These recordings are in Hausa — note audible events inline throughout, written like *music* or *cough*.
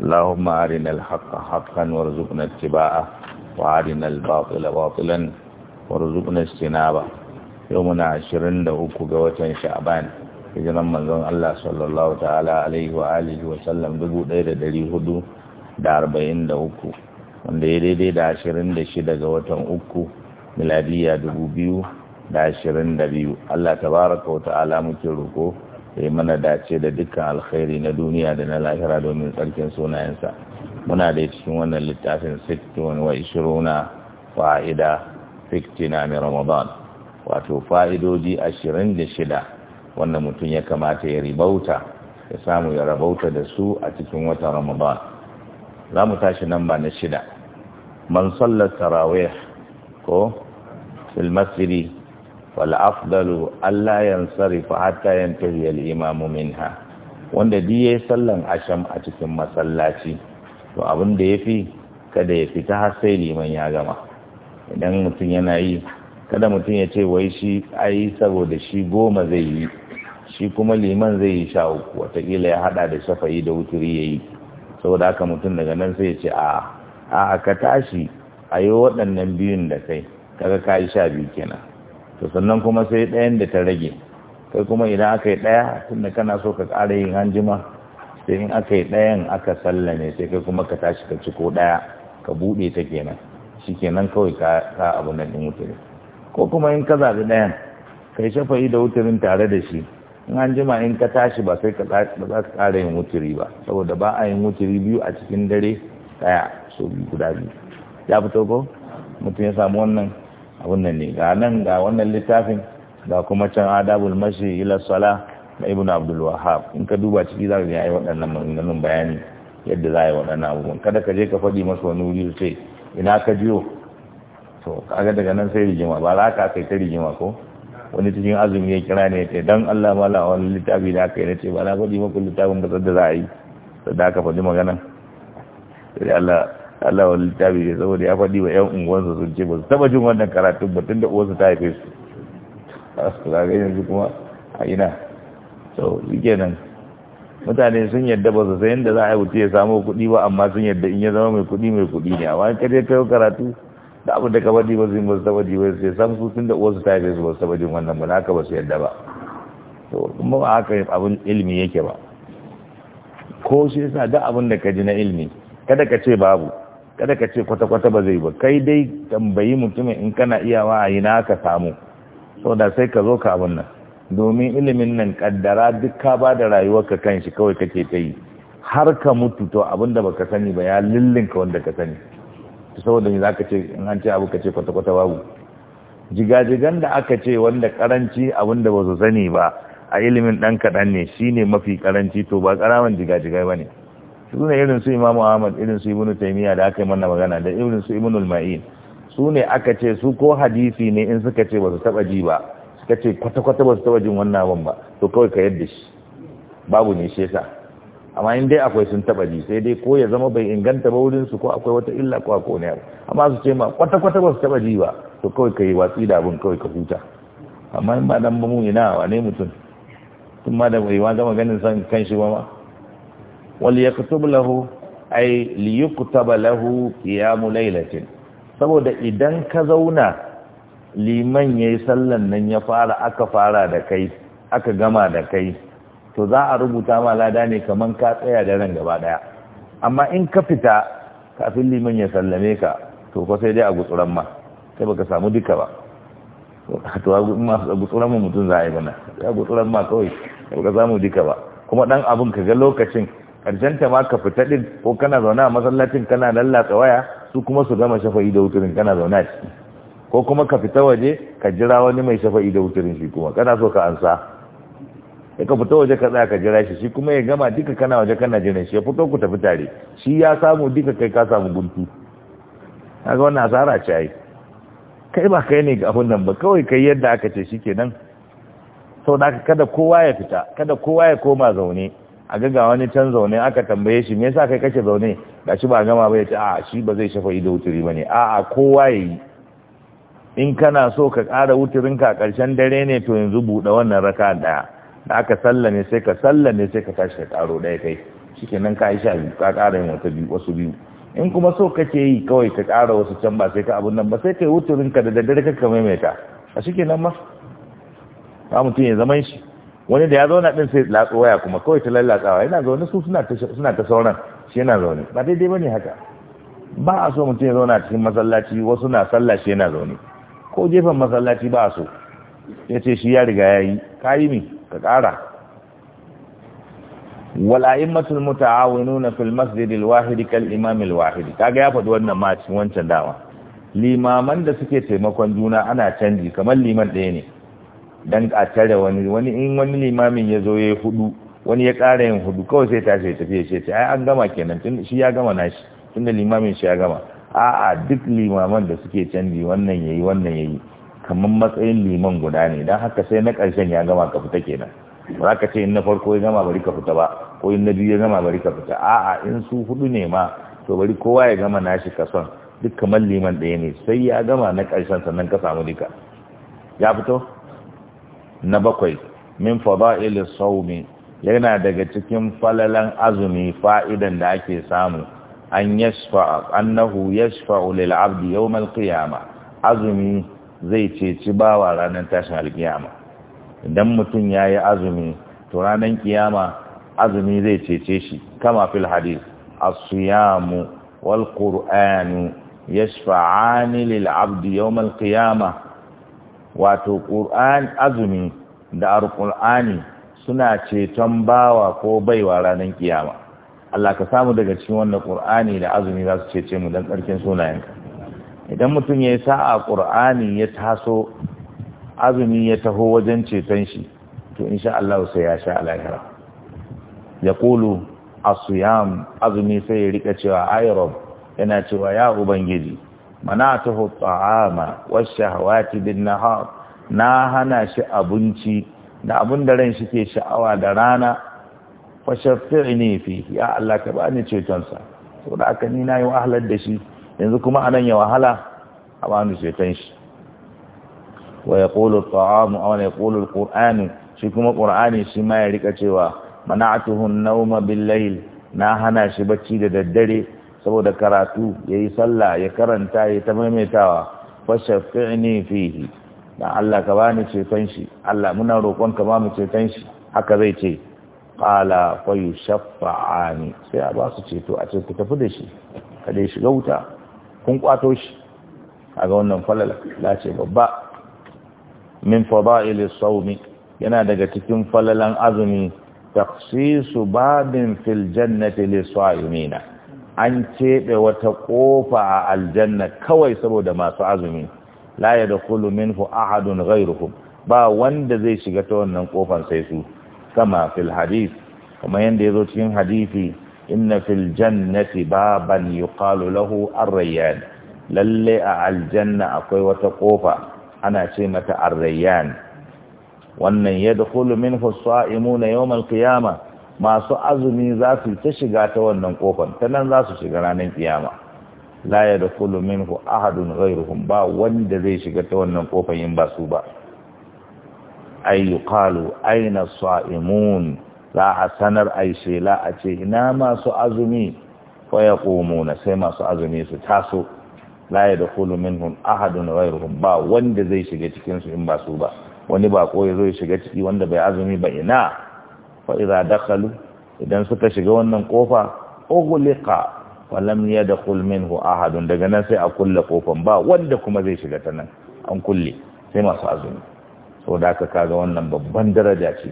اللهم أرنا الحق حقا وارزقنا اتباعه وأرنا الباطل باطلا وارزقنا اجتنابه يومنا عشرين لأوكو قوة شعبان hijiran manzon Allah sallallahu ta'ala alaihi wa da wa sallam uku, wanda ya daidai da ashirin da shida ga watan uku miladiya biyu. Allah tabaraka wa ta'ala muke roko ya mana dace da dukkan alkhairi na duniya da na lahira domin tsarkin sunayensa muna da cikin wannan littafin 60 wa 20 fa'ida na mai ramadan wato fa'idoji 26 wannan mutum ya kamata ya ribauta ya samu ya rabauta da su a cikin watan ramadan za mu tashi nan ba na shida man sallar tarawih ko filmasiri والأفضل sarrifa ينصرف حتى ينتهي الإمام منها wanda duk yayi sallan asham a cikin masallaci to abin da yafi kada ya fita har sai liman ya gama idan mutum yana yi kada mutum ya ce wai shi ai saboda shi goma zai yi shi kuma liman zai yi sha uku watakila ya hada da shafayi da wuturi ya yi saboda haka mutum daga nan sai ya ce a a ka tashi a yi waɗannan biyun da kai kaga ka yi sha biyu kenan to sannan kuma sai ɗayan da ta rage kai kuma idan aka yi ɗaya tunda kana so ka ƙara yin hanjima sai in aka yi ɗayan aka sallame sai kai kuma ka tashi ka ci ko ɗaya ka buɗe ta kenan shi kenan kawai ka abu na ɗin wuturi ko kuma in ka zaɓi ɗayan kai shafa'i da wuturin tare da shi in hanjima in ka tashi ba sai ka za ka ƙara yin wuturi ba saboda ba a yin wuturi biyu a cikin dare ɗaya so biyu guda biyu ya fito ko mutum ya samu wannan wannan ne ga nan ga wannan littafin ga kuma can adabul mashi ila sala na ibnu abdul wahhab in ka duba ciki za ka ga ai waɗannan maganganun bayani yadda za a yi waɗannan abubuwan kada ka je ka faɗi masa wani wuri sai ina ka biyo to kaga daga nan sai rigima ba za ka kai ta rigima ko wani cikin azumi ya kira ne ce dan Allah mala wani littafi da aka yi na ce ba na faɗi maku littafin ba da za a yi da aka faɗi maganan. sai Allah Allah wa littafi ne saboda ya faɗi wa ƴan unguwansa sun ce ba su taɓa jin wannan karatun ba tun da uwansu ta haife su a yanzu kuma a ina so shi kenan mutane sun yadda ba su sayan da za a yi wuce ya samu kuɗi ba amma sun yadda in ya zama mai kuɗi mai kuɗi ne amma in kaje kai karatu da abu da ka faɗi ba su yi ba su taɓa ji ba sai sam su tun da uwarsu ta haife su ba su taɓa jin wannan ba haka ba su yadda ba to kuma ba haka abin ilimi yake ba ko shi yasa duk abin da ka ji na ilimi kada ka ce babu kada ka ce kwata-kwata ba zai ba kai dai tambayi mutumin in kana iyawa a na ka samu so da sai ka zo ka abin nan domin ilimin nan kaddara duk ka ba da rayuwarka kan shi kawai kake ta yi har ka mutu to abin da baka sani ba ya ka wanda ka sani to saboda za zaka ce in an ce abu ka ce kwata-kwata babu jigajigan da aka ce wanda karanci abin da ba su sani ba a ilimin dan kaɗan ne shine mafi karanci to ba karaman jigajigai bane ne su ne irin su imamu ahmad irin su ibnu taymiya da aka yi mana magana da irin su ibnu al-ma'in su ne aka ce su ko hadisi ne in suka ce ba su taba ji ba suka ce kwata kwata ba su taba jin wannan abin ba to kawai ka yadda shi babu ne shi yasa amma in dai akwai sun taba ji sai dai ko ya zama bai inganta ba wurin su ko akwai wata illa ko akwai wani abu amma su ce ma kwata kwata ba su taba ji ba to kawai ka yi watsi da abin kawai ka huta amma in ba dan ba mu ina wane mutum tun ma da bai ma gama ganin san kan shi ba ma wal yaktub lahu ay li yuktaba lahu qiyam laylatin saboda idan ka zauna liman yayi sallan nan ya fara aka fara da kai aka gama da kai to za a rubuta ma lada ne kaman ka tsaya da ran gaba daya amma in ka fita kafin liman ya sallame ka to fa sai dai a gutsuran ma sai baka samu duka ba to a gutsuran mutum za a yi mana a gutsuran ma kawai sai baka samu duka ba kuma dan abun ka ga lokacin karshen ta ma ka fita din ko kana zaune a masallacin kana lallata waya su kuma su gama shafa'i da wuturin kana zaune a ciki ko kuma ka fita waje ka jira wani mai shafa'i da wuturin shi kuma kana so ka ansa ya ka fita waje ka tsaya ka jira shi shi kuma ya gama duka kana waje kana jira shi ya fito ku tafi tare shi ya samu duka kai ka samu guntu kaga wannan asara ce ai kai ba kai ne ga abun nan ba kawai kai yadda aka ce shikenan sau da kada kowa ya fita kada kowa ya koma zaune a ga wani can zaune aka tambaye shi me yasa kai kace zaune shi ba gama ba ya a shi ba zai shafa ido wuturi bane a a kowa yayi in kana so ka ƙara wuturin ka ƙarshen dare ne to yanzu buɗe wannan raka daya da aka sallame sai ka sallame sai ka tashi ka ƙaro ɗaya kai shikenan ka yi sha biyu ka ƙara yin wata biyu wasu biyu in kuma so kake yi kawai ka ƙara wasu can ba sai ka abun nan ba sai kai wuturin ka da daddare ka maimaita a shikenan ma ba mutum ya zaman shi wani da ya zauna din sai latsa waya kuma kawai ta lallatsawa yana zaune su suna ta sauran shi yana zaune ba daidai ne haka ba a so mutum ya zauna cikin masallaci wasu na sallah shi yana zaune ko gefen masallaci ba a so ya ce shi ya riga ya yi ka yi mi ka ƙara wala'in nuna filmas fil masjidil wahidi kal imamil wahidi kaga ya faɗi wannan ma cikin wancan dawa limaman da suke taimakon juna ana canji kamar liman ɗaya ne dan a tare wani wani in wani limamin ya zo ya yi hudu wani ya ƙara yin hudu kawai sai tashi ya tafi ya ce ai an gama kenan tun shi ya gama nashi tunda limamin shi ya gama a'a duk limaman da suke canji wannan yayi wannan yayi kamar matsayin liman guda ne dan haka sai na ƙarshen ya gama ka fita kenan ba ka ce in na farko ya gama bari ka fita ba ko in na biyu ya gama bari ka fita a'a in su hudu ne ma to bari kowa ya gama nashi kason duk kamar liman ɗaya ne sai ya gama na ƙarshen sannan ka samu duka ya fito na bakwai min fada'il saumi yana daga cikin falalan azumi fa'idan da ake samu an yashfa annahu yashfa lil 'abdi yawm al qiyama azumi zai ceci bawa ranar tashin alkiyama idan mutum yayi azumi to ranar kiyama azumi zai cece shi kama fil hadith as-siyamu wal qur'anu yashfa'ani lil 'abdi yawm al qiyama wato ƙur'an azumi da alƙur'ani suna ceton bawa ko baiwa ranar kiyama Allah ka samu daga cikin wannan ƙur'ani da azumi za su cece mu don tsarkin sunayenka idan mutum ya yi sa'a ƙur'ani ya taso azumi ya taho wajen ceton shi to insha Allah sai ya sha alakira ya kulu asuyam azumi sai ya rika cewa ayrob yana cewa ya ubangiji mana'atuhu at'ama wash-shahawati bin-nahar na hana shi abinci da abun da ran shi ke sha'awa da rana fashafi'ni fi ya Allah ka bani ceton sa saboda aka ni nayi wahalar da shi yanzu kuma anan ya wahala a bani ceton shi wa yaqulu taamu aw yaqulu al-qur'anu shi kuma qur'ani shi ma ya rika cewa mana'atuhu an-nawma bil-layl na hana shi bacci da daddare saboda karatu ya yi sallah ya karanta ya ta maimaitawa fi'ini fihi Na Allah ka ni ceton shi Allah muna roƙon ka ba mu ceton shi haka zai ce ƙala qala shafa'a ne. sai a ba su ceto a ce ku tafi da shi ka dai shiga wuta kun ƙwato shi a ga wannan falala ce babba min fada'ilis saumi yana daga cikin falalan azumi takhsisu babin fil jannati lisa'imina an keɓe wata ƙofa a aljanna kawai saboda masu azumi la ya da kulumin ahadun ghairuhum ba wanda zai shiga ta wannan kofan sai su kama fil hadis kuma yadda ya zo cikin hadisi inna fil jannati baban yuqalu lahu ar-rayyan lalle a aljanna akwai wata ƙofa ana ce mata ar-rayyan wannan yadkhulu minhu as-sa'imuna yawm al-qiyamah masu azumi za su ta shiga ta wannan kofar ta nan za su shiga ranar kiyama la ya da kulu minhu ahadun ghairuhum ba wanda zai shiga ta wannan kofar in ba su ba ay yuqalu ayna sa'imun za a sanar ai shela a ce ina masu azumi fa yaqumuna sai masu azumi su taso la ya da kulu minhum ahadun ghairuhum ba wanda zai shiga cikin su in ba su ba wani bako ya zo shiga ciki wanda bai azumi ba ina fa idza dakhalu idan suka shiga wannan kofa ogulika, fa da yadkhul minhu ahadun daga nan sai a kulle kofan ba wanda kuma zai shiga ta nan an kulle sai masu azumi saboda aka kaga wannan babban daraja ce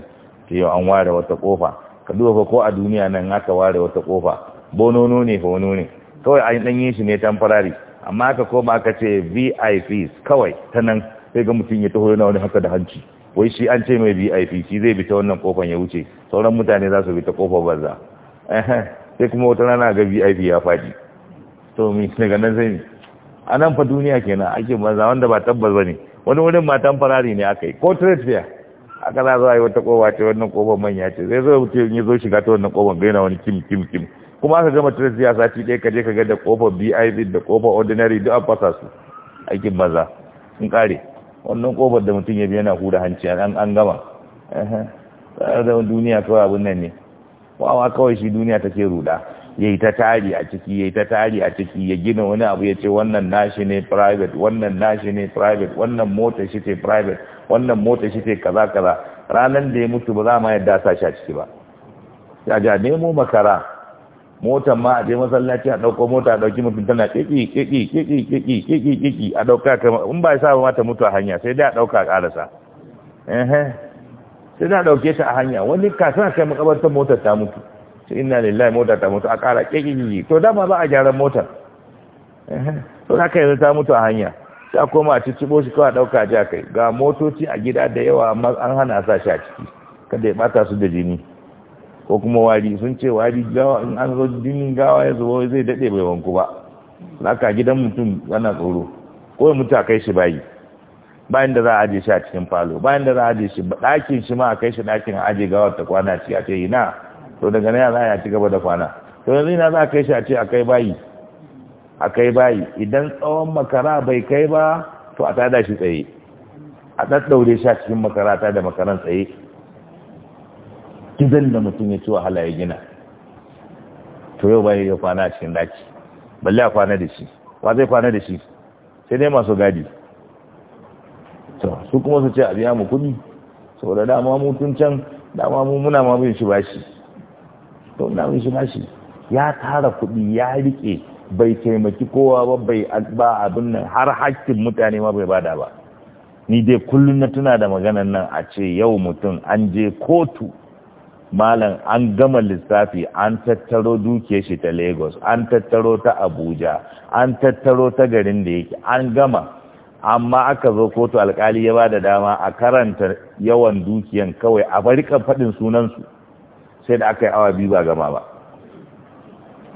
ta yau an ware wata kofa ka duba ko a duniya nan aka ware wata kofa bonono ne fa ne kawai an ɗanyi shi ne temporary amma aka koma aka ce VIPs kawai ta nan sai ga mutum ya taho yana wani haka da hanci wai shi an ce mai vip shi zai bi ta wannan kofan ya wuce sauran mutane za su bi ta kofar banza sai kuma wata rana ga vip ya faɗi to mi daga nan sai a nan fa duniya kenan ake banza wanda ba tabbas bane wani wurin matan farari ne aka yi ko trade fair aka za a yi wata kofa ce wannan kofar manya ce Zai zo mutum ya zo shiga ta wannan kofar gaina wani kim kim kim kuma aka gama trade fair sati ɗaya ka je ka ga da kofar vip da kofar ordinary duk an fasa su aikin banza sun kare wannan kobar da mutum ya biya na hura hanci an gama a duniya kawai abin nan ne wawa kawai shi duniya ta ke ruda ya yi ta tari a ciki ya yi ta tari a ciki ya gina wani abu ya ce wannan nashi ne private wannan nashi ne private wannan mota shi ce private wannan mota shi ce kaza kaza ranar da ya mutu ba za ma yadda sa shi a ciki ba ya ja nemo makara motar ma a je masallaci a ɗauko mota a ɗauki mutum tana kiki kiki kiki kiki kiki kiki a ɗauka kama in ba sa ba ta mutu a hanya sai dai a ɗauka a ƙarasa sai dai a ɗauke ta a hanya wani kasa kai makabartar motar ta mutu sai ina lillahi mota ta mutu a ƙara kiki kiki to dama ba a gyaran motar to haka yanzu ta mutu a hanya sai a koma a cicciɓo shi kawai ɗauka a ja kai ga motoci a gida da yawa amma an hana sa shi a ciki kada ya ɓata su da jini ko kuma wari sun ce wari gawa in an zo jinin gawa ya zo zai dade bai wanku ba ka gidan mutum yana tsoro ko mutu a kai shi bayi bayan da za a aje shi a cikin falo bayan da za a aje shi dakin shi ma a kai shi dakin a aje gawar ta kwana ci a ce ina to daga nan za a ci gaba da kwana to yanzu ina za a kai shi a ce a kai bayi a kai bayi idan tsawon makara bai kai ba to a tada shi tsaye a ɗaɗɗaure shi a cikin makara ta da makaran tsaye gidan da mutum ya ci wahala ya gina to yau bai ya kwana a cikin daki balle a kwana da shi wa zai kwana da shi sai dai masu gadi to su kuma su ce a biya mu kudi saboda dama mu tun can dama mu muna ma bin shi bashi to na mu shi bashi ya tara kuɗi ya rike bai taimaki kowa ba bai ba abin nan har hakkin mutane ma bai bada ba ni dai kullum na tuna da maganan nan a ce yau mutum an je kotu malam an gama lissafi an tattaro dukiyar shi ta lagos an tattaro ta abuja an tattaro ta garin da yake an gama amma aka zo kotu alkali ya ba da dama a karanta yawan dukiyan kawai a bari barikan faɗin sunansu sai da aka yi awa biyu ba gama ba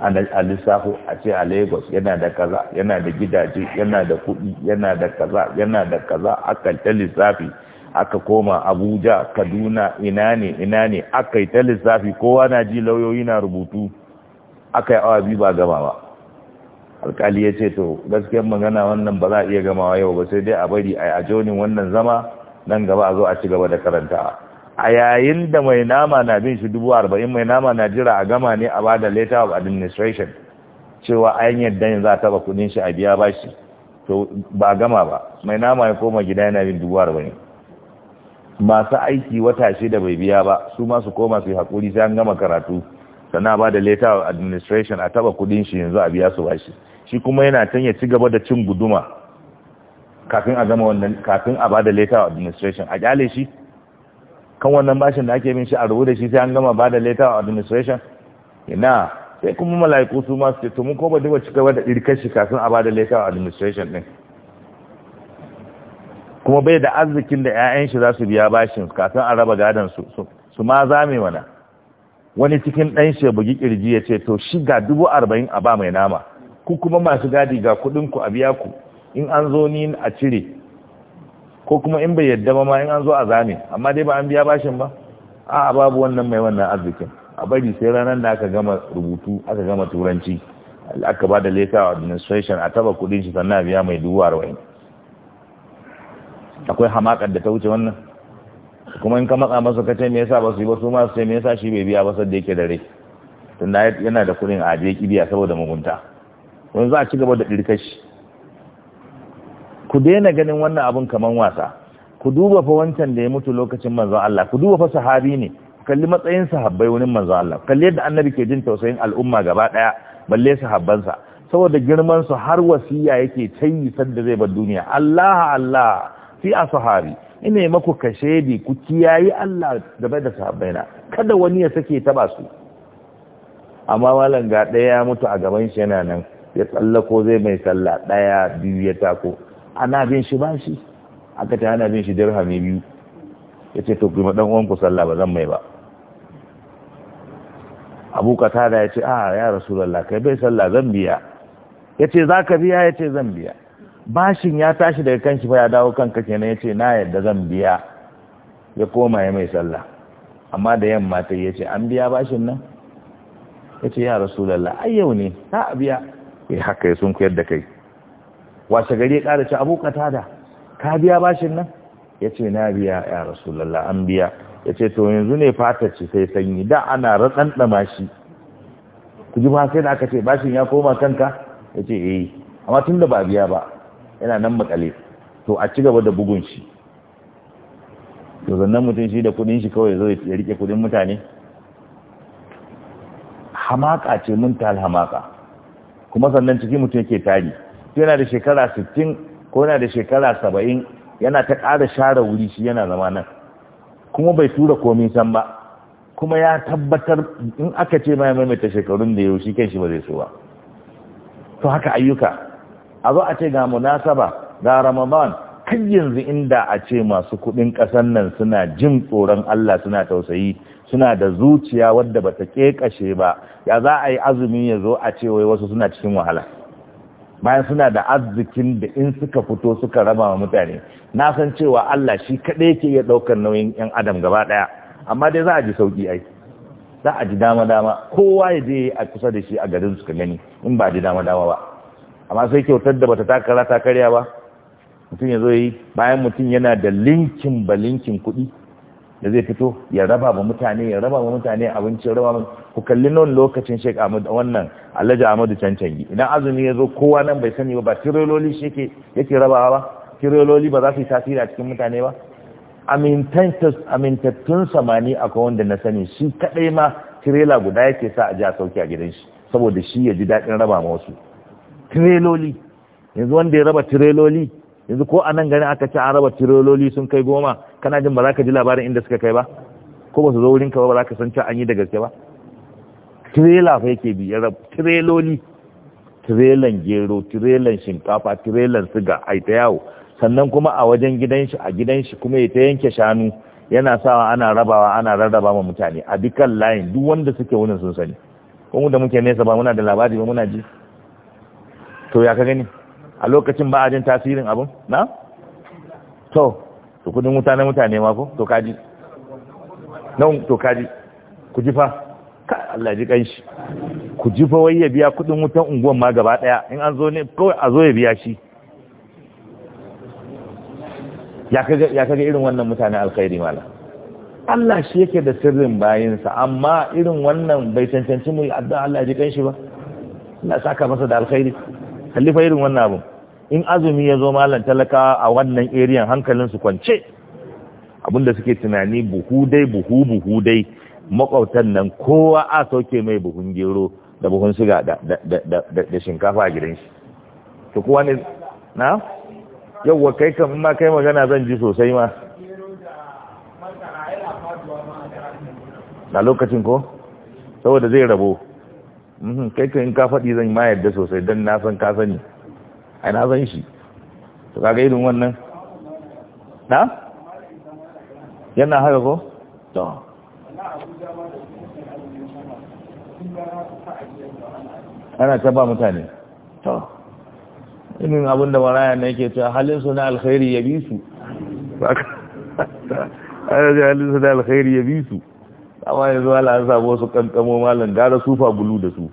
a lissafo a ce a lagos yana da kaza yana da gidaje yana da kuɗi yana da kaza yana da kaza aka ta lissafi aka koma abuja kaduna ina ne ina aka yi ta lissafi kowa na ji lauyoyi na rubutu aka yi awa biyu ba gama ba alkali ya ce to gaskiyar magana wannan ba za a iya gamawa yau ba sai dai a bari a joni wannan zama nan gaba a zo a ci gaba da karanta a yayin da mai nama na bin shi dubu arba'in mai nama na jira a gama ne a bada letter of administration cewa a yan yadda yanzu a taba kudin shi a biya bashi to ba gama ba mai nama ya koma gida yana bin dubu arba'in masu aiki wata shida bai biya ba su masu koma su yi haƙuri sai an gama karatu sana ba da leta administration a taba kudin shi yanzu a biya su ba shi Shi kuma yana can ya ci gaba da cin guduma kafin a zama wannan kafin a ba da leta administration a kyale shi kan wannan bashin da ake min shi a rubuta shi sai an gama ba da leta administration ina sai kuma mala'iku su masu su ce to mun ko ba duba ci gaba da irkar shi kafin a ba da leta administration din kuma bai da arzikin da 'ya'yan shi za su biya bashin kafin a raba gadon su su ma zame mana wani cikin ɗan shi bugi ƙirji ya ce to shi ga dubu arba'in a ba mai nama ku kuma masu gadi ga kuɗin a biya ku in an zo ni a cire ko kuma in bai yadda ba ma in an zo a zame amma dai ba an biya bashin ba a babu wannan mai wannan arzikin a bari sai ranar da aka gama rubutu aka gama turanci aka ba da leta administration a taba kuɗin shi sannan a biya mai dubu arba'in akwai hamakar da ta wuce wannan kuma in ka matsa masa ka ce me yasa ba su yi ba su ma su ce me yasa shi bai biya ba da yake da rai tunda yana da kuɗin a je kibiya saboda mugunta wani za a ci gaba da ɗirkar ku daina ganin wannan abun kamar wasa ku duba fa wancan da ya mutu lokacin manzon Allah ku duba fa sahabi ne kalli matsayin sahabbai wurin manzon Allah kalli yadda annabi ke jin tausayin al'umma gaba daya balle sahabbansa saboda girman su har wasiya yake tayi sanda zai bar duniya Allah Allah fi sahari ina maku kashedi ku kiyaye Allah gaba da sahabbaina kada wani ya sake taba su amma malam ga daya ya mutu a gaban shi yana nan ya tsallako zai mai sallah daya biyu ya tako ana bin shi ba shi aka ta ana bin shi dirhami biyu ya ce to kuma dan uwanku sallah ba zan mai ba abu katada ya ce a ah, ya rasulullah kai bai sallah zan biya ya ce za ka biya ya ce zan biya bashin ya tashi daga kanki ba ya dawo kanka kenan yace na yadda zan biya ya koma ya mai sallah amma da yamma ta yace an biya bashin nan yace ya rasulullah ai yau ne ta biya eh haka sun koyar da kai washe gari ya ƙara ci abu da ka biya bashin nan yace na biya ya rasulullah an biya yace to yanzu ne fata ci sai sanyi da ana ratsandama shi ku ji ba sai da aka ce bashin ya koma kanka yace eh amma tunda ba biya ba yana nan makale to a ci gaba da bugun shi to zannan mutum shi da kudin shi kawai zai ya rike kudin mutane hamaka ce mun ta hamaka kuma sannan cikin mutum yake tari yana da shekara 60 ko yana da shekara 70 yana ta ƙara share wuri shi yana zama nan kuma bai tura komai san ba kuma ya tabbatar in aka ce mai ya maimaita shekarun da yau shi kai shi ba zai so ba to haka ayyuka a zo a ce ga munasaba ga ramadan kan yanzu inda a ce masu kudin ƙasan nan suna jin tsoron Allah suna tausayi suna da zuciya wadda bata kekashe ba ya za a yi azumi ya zo a ce wai wasu suna cikin wahala bayan suna da arzikin da in suka fito suka raba wa mutane na san cewa Allah shi kaɗai ke iya ɗaukar nauyin 'yan adam gaba ɗaya amma dai za a ji sauƙi ai za a ji dama-dama kowa ya je a kusa da shi a garin suka gani in ba ji dama-dama ba amma sai kyautar da bata takara ta karya ba mutum ya zo yi bayan mutum yana da linkin ba linkin kuɗi da zai fito ya raba ba mutane ya raba ba mutane abincin raba ba ku kalli nan lokacin shek Ahmad wannan Alhaji Ahmadu Cancangi idan azumi ya zo kowa nan bai sani ba ba tirololi shi yake yake rabawa ba tirololi ba za su yi tasiri a cikin mutane ba amintattun samani akwai wanda na sani shi kadai ma tirela guda yake sa a ji a sauki a gidan shi saboda shi ya ji daɗin raba ma wasu tireloli yanzu wanda ya raba tireloli yanzu ko a nan ganin aka ci an raba tireloli sun kai goma kana jin ba za ka ji labarin inda suka kai ba ko ba su zo wurinka ba ba za ka san ci an yi da gaske ba tirela fa yake bi ya raba tireloli tirelan gero tirelan shinkafa tirelan siga ai ta yawo sannan kuma a wajen gidan shi a gidan shi kuma ya ta yanke shanu yana sawa ana rabawa ana rarraba ma mutane a dukkan layin duk wanda suke wurin sun sani kuma da muke nesa ba muna da labari ba muna ji to ya ka gani a lokacin ba a jin tasirin abin na? to to kudin mutane mutane ma ko to kaji nan to kaji ku jifa ka Allah ji shi ku jifa wai ya biya kudin wutan unguwan ma gaba daya in an zo ne kawai a zo ya biya shi ya kaga ya irin wannan mutane alkhairi mala Allah shi yake da sirrin bayinsa amma irin wannan bai cancanci mu addu'a Allah ji shi ba Allah saka masa da alkhairi kalli fa irin wannan abu in azumi ya zo malam talaka a wannan eriyan hankalin su kwance abinda suke tunani buhu dai buhu buhu dai makwautan nan kowa a sauke mai buhun gero da buhun siga da shinkafa a gidan shi to kowa ne na yawwa kai kam ma kai magana zan ji sosai ma na lokacin ko saboda zai rabo Mhm, kai ka in ka faɗi zan ma yadda sosai don na san ka sani ai na san shi to kaga irin wannan na yana haka ko to ana ta ba mutane to inin abin da maraya na yake cewa halin su na alkhairi ya bi su *laughs* ana halin su na alkhairi ya bi su amma yanzu ala an samu wasu kankamo malam gara sufa bulu da su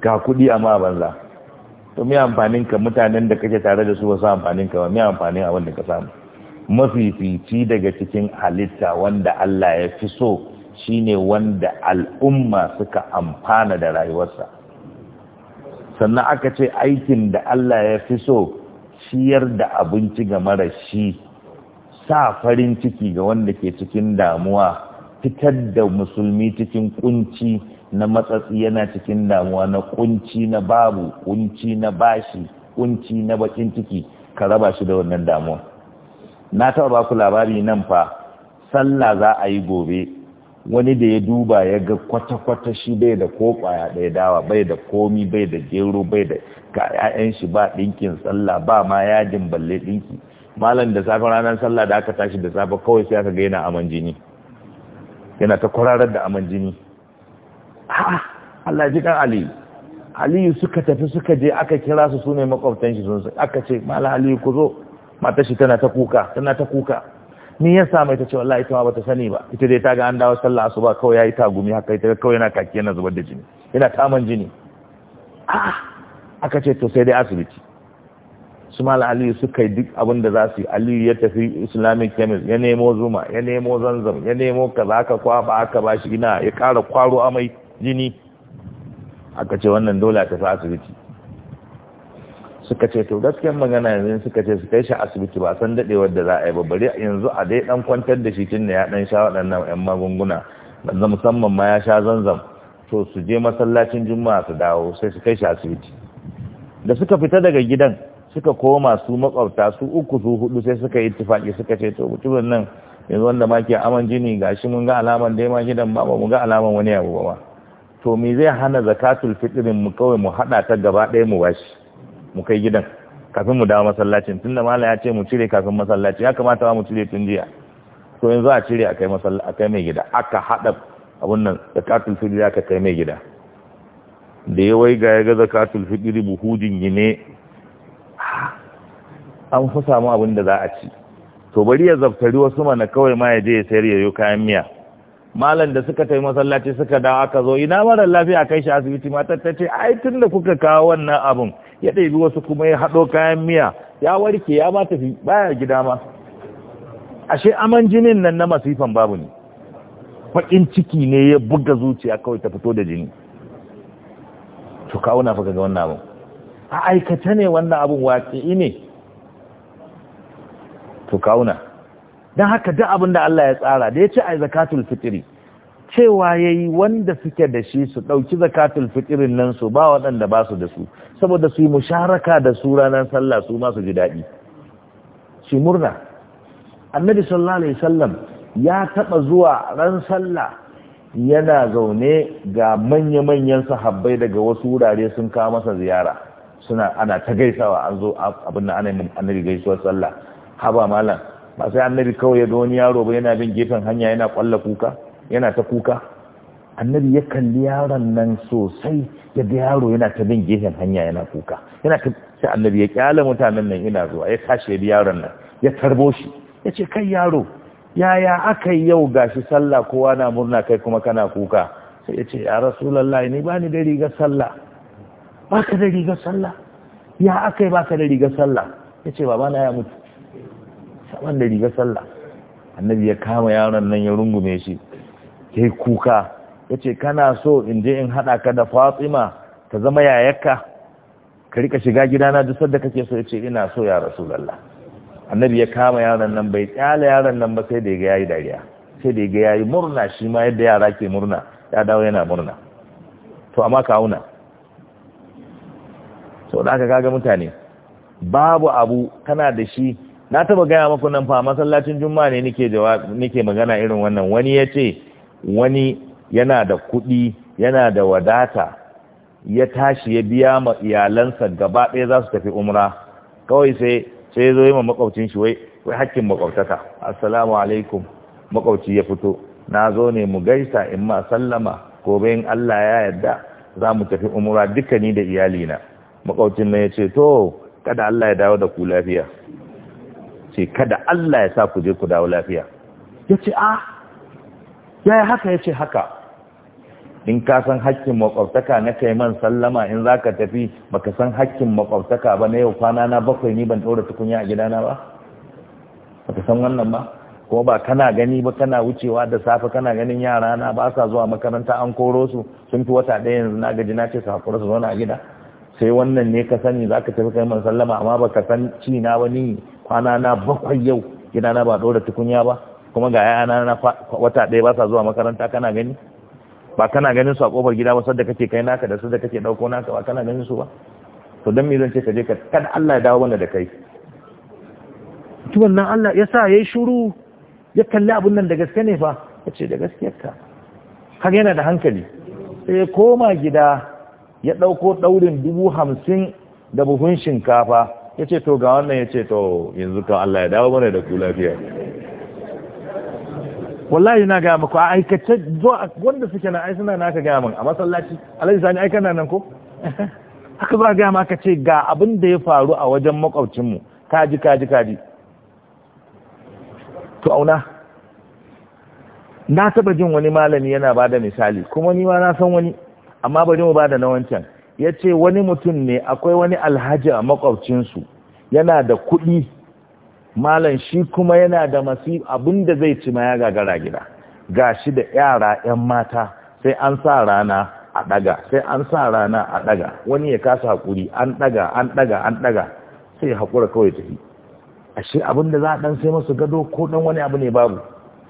ga kuɗi amma banza to mai amfanin ka mutanen da kake tare da su wasu amfanin ka ba, mai amfanin abin da ka samu mafifici daga cikin halitta wanda Allah ya fi so shine wanda al'umma suka amfana da rayuwarsa sannan aka ce aikin da Allah ya fi so ciyar da abinci ga marashi sa farin ciki ga wanda ke cikin damuwa fitar da musulmi cikin kunci na matsatsi yana cikin damuwa na kunci na babu kunci na bashi kunci na bakin ciki ka raba shi da wannan damuwa na taɓa ba ku labari nan fa sallah za a yi gobe wani da ya duba ya ga kwata-kwata shi bai da ko kwaya ɗaya dawa bai da komi bai da gero bai da ƴaƴan shi ba ɗinkin sallah ba ma yajin balle ɗinki malam da safe ranar sallah da aka tashi da safe kawai sai aka gaina aman jini yana ta kwararar da aman jini Allah ji kan aliyu aliyu suka tafi suka je aka kira su sune makwabtan shi sun aka ce mala Ali ku zo matar shi tana ta kuka tana ta kuka ni ya sa mai ta ce wallahi ita ba bata sani ba ita dai ta ga an dawo sallah asuba kawai yayi gumi haka ita kawai yana kaki yana zubar da jini yana taman jini ah aka ce to sai dai asibiti su mala aliyu suka yi duk abin da za su yi aliyu ya tafi islamic kemis, ya nemo zuma ya nemo zanzam ya nemo kaza aka kwaba aka ba shi gina ya kara kwaro amai jini aka ce wannan dole a tafi asibiti suka ce to gaskiyar magana yanzu suka ce su kai shi asibiti ba san dadewar da za a yi ba Bari yanzu a dai dan kwantar da shi tun da ya dan sha waɗannan yan magunguna banza musamman ma ya sha zanzam to su je masallacin juma'a su dawo sai su kai shi asibiti da suka fita daga gidan suka koma su makwabta su uku su hudu sai suka yi tufaki suka ce to mutumin nan yanzu wanda ma ke aman jini gashi mun ga alaman dai ma gidan ba mu ga alaman wani abu ba to me zai hana zakatul fitrin mu kawai mu hada ta gaba ɗaya mu bashi mu kai gidan kafin mu dawo masallacin tunda malam ya ce mu cire kafin masallaci ya kamata mu cire tun jiya to yanzu a cire kai masallaci kai mai gida aka hada abun nan zakatul fitri aka kai mai gida da ya ga ya ga zakatul fitri buhudin gine an fi samu abin da za a ci to bari ya zaftari wasu mana kawai ma ya je ya sayar yayo kayan miya malam da suka tafi masallaci suka dawo aka zo ina mara lafiya kai shi asibiti matar ta ce ai tun da kuka kawo wannan abun ya ɗabi wasu kuma ya haɗo kayan miya ya warke ya ma tafi baya gida ma ashe aman jinin nan na masifan babu ne baƙin ciki ne ya buga zuciya kawai ta fito da jini to kawo na fuka ga wannan abun a aikata ne wannan abin waƙi ne to kauna don haka duk abin da Allah ya tsara da ya ce a zakatul fitiri cewa ya yi wanda suke da shi su ɗauki zakatul fitirin nan su ba waɗanda ba su da su saboda su yi musharaka da su ranar sallah su masu ji daɗi su murna annabi sallallahu alaihi wasallam ya taɓa zuwa ran sallah yana zaune ga manya-manyan sahabbai daga wasu wurare sun kawo masa ziyara suna ana ta gaisawa an zo abin da ana yin annabi gaisuwar sallah haba malam ba sai annabi kawai ya wani yaro ba yana bin gefen hanya yana kwalla kuka yana ta kuka annabi ya kalli yaron nan sosai ya yaro yana ta bin gefen hanya yana kuka yana ta sai annabi ya kyale mutanen nan yana zuwa ya tashi ya bi yaron nan ya tarbo shi ya ce kai yaro yaya aka yi yau gashi sallah kowa na murna kai kuma kana kuka sai ya ce ya rasulallah ni ba da rigar sallah ba ka da rigar sallah ya aka yi ba da rigar sallah ya ce ba na ya mutu saman da rigar sallah annabi ya kama yaron nan ya rungume shi ya yi kuka ya ce kana so in je in haɗa ka da fatima ta zama yayakka ka rika shiga gidana dusar da kake so ya ce ina so ya rasu lalla annabi ya kama yaron nan bai tsala yaron nan ba sai da ya yi dariya sai da ya yi murna shi ma yadda yara ke murna ya dawo yana murna to amma kawuna sau da aka kaga mutane babu abu kana da shi na taba gaya maku nan fa masallacin juma'a ne nike nike magana irin wannan wani ya ce wani yana da kuɗi yana da wadata ya tashi ya biya ma iyalansa gaba ɗaya za su tafi umra kawai sai sai zo yi ma makwabcin shi wai wai hakkin makwabtaka assalamu alaikum makwabci ya fito na zo ne mu gaisa in ma sallama gobe in Allah ya yarda za mu tafi umra ni da iyalina makaucin nan ya ce to kada Allah ya dawo da ku lafiya ce kada Allah ya sa ku je ku dawo lafiya ya ce a ah, ya haka ya ce haka in ka san hakkin makwabtaka na kai man sallama in za ka tafi baka san hakkin makwabtaka ba na yau kwana na bakwai ni ban ɗora tukunya a gidana ba baka san wannan ba ko ba kana gani ba kana wucewa da safe kana ganin yara na ba sa zuwa makaranta an koro su sun fi wata ɗaya yanzu na gaji na ce su haƙura su zauna a gida sai wannan ne ka sani za ka tafi kai man sallama amma ba ka san ci na wani kwana na bakwai yau gida na ba ɗora tukunya ba kuma ga yaya na wata ɗaya ba sa zuwa makaranta kana gani ba kana ganin su a kofar gida ba sadda kake kai naka da da kake dauko naka ba kana ganin su ba to dan me zan ce ka je ka kada Allah ya dawo mana da kai to wannan Allah ya sa yayi shiru ya kalli abun nan da gaske ne fa ce da gaskiyar ka kaga yana da hankali sai ya koma gida ya ɗauko ɗaurin dubu hamsin da buhun shinkafa ya ce to ga wannan ya ce to yanzu to Allah ya dawo mana da ku lafiya wallahi na gaya maku a aikace zuwa wanda suke na aisa suna aka gaya min a masallaci alhaji sani aika na nan ko *laughs* haka za gaya maka ce ga abin da ya faru a wajen makwabcinmu kaji kaji kaji to auna na taba jin wani malami yana bada misali kuma ni ma na san wani amma bari mu bada da na wancan ya ce wani mutum ne akwai wani alhaji a makwabcinsu yana da kuɗi malam shi kuma yana da masu abin da zai ci ma ya gagara gida ga shi da yara 'yan mata sai an sa rana a ɗaga sai an sa rana a ɗaga wani ya kasa hakuri an ɗaga an ɗaga an ɗaga sai haƙura kawai tafi ashe abin za a ɗan sai masu gado ko ɗan wani abu ne babu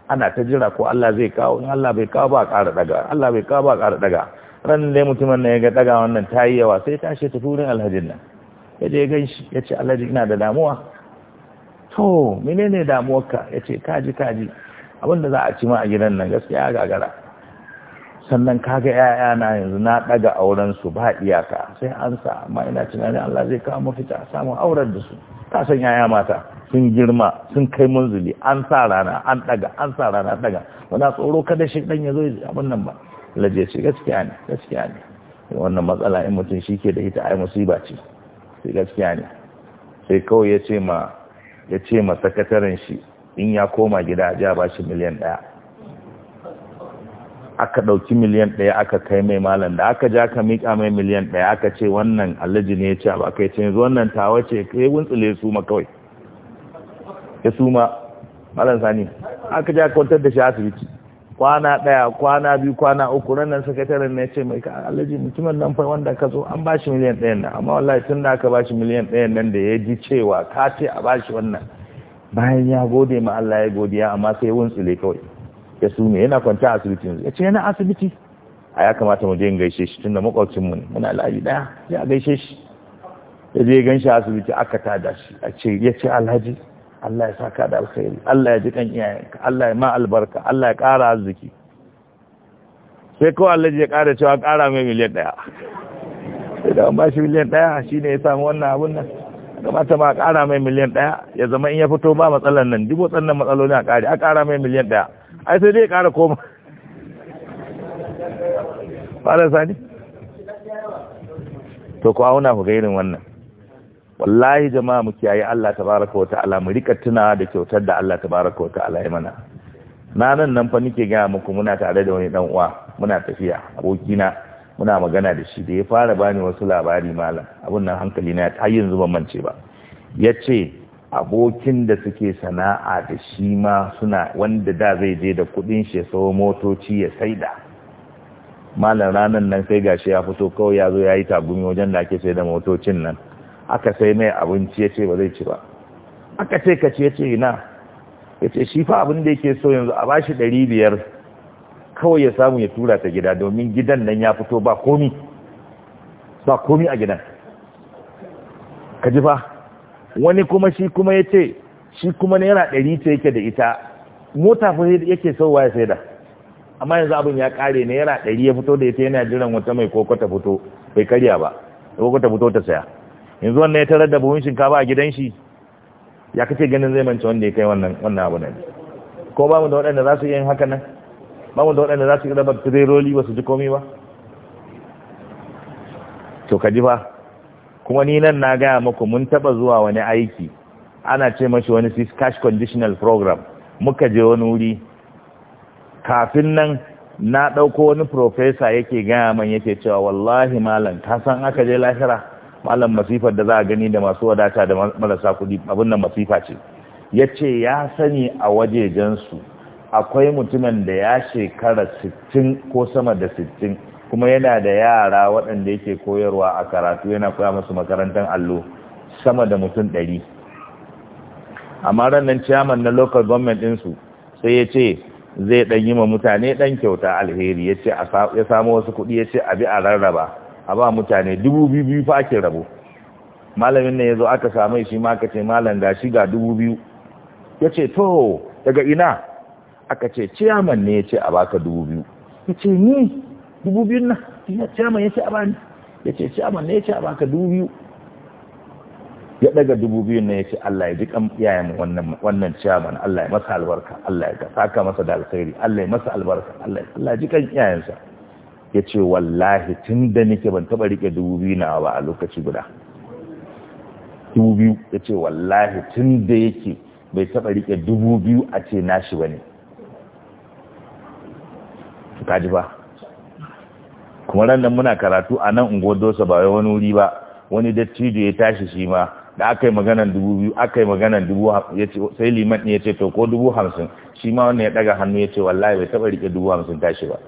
ana ta jira ko Allah zai kawo in Allah bai kawo ba a ƙara ɗaga Allah bai kawo ba a ƙara ɗaga Ran da mutumin na ya ga daga wannan ta yi yawa sai tashi tafi wurin alhajin nan ya je gan shi ya ce alhaji ina da damuwa to menene damuwarka ya ce kaji kaji abinda za a ci ma a gidan nan gaskiya gagara sannan kaga yaya na yanzu na daga auren su ba iyaka sai an sa amma ina tunanin Allah zai kawo mafita samun auren da su ta san yaya mata sun girma sun kai munzuli an sa rana an daga an sa rana daga wanda tsoro kada shi dan yazo zo abin nan ba laje shi gaskiya ne gaskiya ne wannan matsala in mutum shi ke da ita ai musiba ce sai gaskiya ne sai kawai ya ce ma ya ce ma sakataren shi in ya koma gida ja ba shi miliyan daya aka ɗauki miliyan daya aka kai mai malam da aka ja ka mika mai miliyan daya aka ce wannan alhaji ne ya ce ba kai ce yanzu wannan tawa ce kai wuntsule su ma kawai ya suma malam sani aka ja kwantar da shi asibiti kwana ɗaya kwana biyu kwana uku ranan sakataren na ce mai alaji mutumin nan fa wanda ka zo an bashi miliyan ɗayan nan amma wallahi tun da aka bashi miliyan ɗayan nan da ya ji cewa ka ce a bashi wannan bayan ya gode ma Allah ya godiya amma sai ya wuntsile kawai ya sume yana kwanta a asibiti ya ce yana asibiti a ya kamata mu je in gaishe shi tunda makwabcin mu ne muna layi ɗaya ya gaishe shi ya je gan shi asibiti aka tada shi a ce ya ce alhaji Allah ya saka da alkhairi Allah ya ji kan iyayenka Allah ya ma albarka Allah ya ƙara arziki sai ko Allah ya ƙara cewa ƙara mai miliyan ɗaya sai da an shi miliyan ɗaya shi ne ya samu wannan abun nan kamata ma a ƙara mai miliyan ɗaya ya zama in ya fito ba matsalan nan dubu tsannan matsaloli a ƙari a ƙara mai miliyan ɗaya ai sai dai ƙara koma fara sani to ku auna ku ga irin wannan wallahi jama'a mu kiyaye Allah tabaraka wa ta'ala mu rika tuna da kyautar da Allah tabaraka wa ta'ala ya mana na nan nan fa nake ga muku muna tare da wani dan uwa muna tafiya abokina muna magana da shi da ya fara bani wasu labari malam abun nan hankali na har yanzu ban mance ba yace abokin da suke sana'a da shi ma suna wanda da zai je da kudin shi ya sawo motoci ya saida malam ranan nan sai gashi ya fito kawai ya zo ya yi tagumi wajen da ake sai da motocin nan aka sai mai abinci ya ce ba zai ci ba aka ce ka ce ya ce ina ya ce shi fa abin da yake so yanzu a ba shi ɗari biyar kawai ya samu ya tura ta gida domin gidan nan ya fito ba komi ba komi a gidan ka ji fa wani kuma shi kuma ya ce shi kuma naira ɗari ce yake da ita mota fa yake sauwa ya sai da amma yanzu abin ya ƙare naira ɗari ya fito da ita yana jiran wata mai koko fito bai karya ba koko fito ta saya yanzu wannan ya tarar da buhun shinkafa a gidan shi ya kace ganin zai mance wanda ya kai wannan wannan abu ne? ko ba mu da waɗanda za su yi haka nan ba mu da waɗanda za su yi rabar tireroli ba su ji komai ba to ka ji ba, kuma ni nan na gaya muku mun taɓa zuwa wani aiki ana ce mashi wani cash conditional program muka je wani wuri kafin nan na ɗauko wani profesa yake gaya man yake cewa wallahi malam ka san aka je lahira malam masifar da za a gani da masu wadata da marasa kuɗi abin nan masifa ce ya ce ya sani a wajejensu akwai mutumin da ya shekara 60 ko sama da 60 kuma yana da yara waɗanda yake koyarwa a karatu yana koya masu makarantar allo sama da mutum 100. amma ranar ciyaman na local government ɗinsu sai ya ce zai ɗanyi yi ma mutane ɗan kyauta alheri ya ce ya samu wasu kuɗi ya ce abi a rarraba a ba mutane dubu biyu biyu fa ake rabo malamin ne ya zo aka samu shi ma aka ce malam ga shi ga dubu biyu ya ce to daga ina aka ce ciyaman ne ya ce a baka dubu biyu ya ce ni dubu biyun na ya ciyaman ya ce a bani ya ce ciyaman ne ya ce a baka dubu biyu ya daga dubu biyun na ya ce Allah ya ji kan iyayen wannan wannan ciyaman Allah ya masa albarka Allah ya saka masa da alkhairi Allah ya masa albarka Allah ya ji kan sa. ya ce wallahi tun da nake ban taɓa rike dubu biyu na ba a lokaci guda dubu biyu ya ce wallahi tun da yake bai taɓa riƙe dubu biyu a ce nashi ba ne kaji ba kuma ran muna karatu a nan unguwar dosa ba wani wuri ba wani dattijo ya tashi shi ma da aka yi maganan dubu biyu aka yi maganan dubu sai liman ne ya ce to ko dubu hamsin shi ma wannan ya daga hannu ya ce wallahi bai taɓa riƙe dubu hamsin tashi ba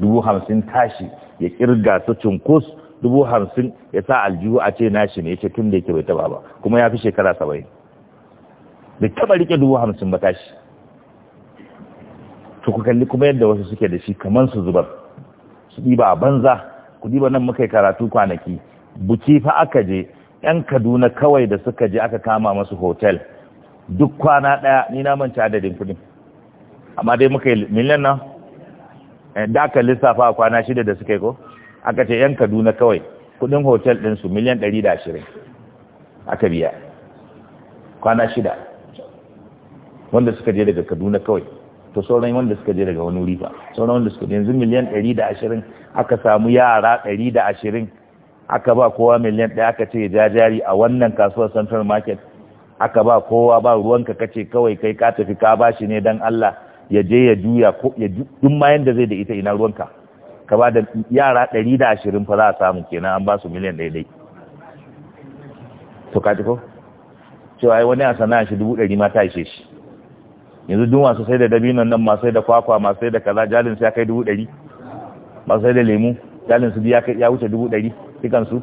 dubu hamsin tashi ya kirga su cunkus dubu hamsin ya sa aljihu a ce nashi ne ya ce tun da yake bai taba ba kuma ya fi shekara saba'in da taba rike dubu hamsin ba tashi to ku kalli kuma yadda wasu suke da shi kamar su zubar su ɗiba a banza ku ɗiba nan muka yi karatu kwanaki buki fa aka je yan kaduna kawai da suka je aka kama masu hotel duk kwana ɗaya ni na manta adadin kuɗin amma dai muka yi miliyan nan Eh, da aka lissafa a kwana shida da suka yi ko aka ce yan kaduna kawai kudin hotel ɗinsu miliyan 120 da ashirin aka biya kwana shida wanda suka je daga kaduna kawai to sauran wanda suka je daga wani rifa sauran wanda suka yanzu miliyan 120 da ashirin aka samu yara 120 da ashirin aka ba kowa miliyan ɗaya aka ce jajari a wannan kasuwar central market aka ba kowa ba ruwanka kace kawai kai ka tafi ka bashi ne dan allah ya je ya juya ko ya duk ma yanda zai da ita ina ruwanka ka ba da yara 120 fa za a samu kenan an ba su miliyan ɗaya to ka ji ko cewa ai wani a sana'a shi dubu ɗari ma ta ishe shi yanzu duk masu sai da dabinon nan masu sai da kwakwa masu sai da kaza jalin su ya kai dubu ɗari masu sai da lemu jalin su ya wuce dubu ɗari dukansu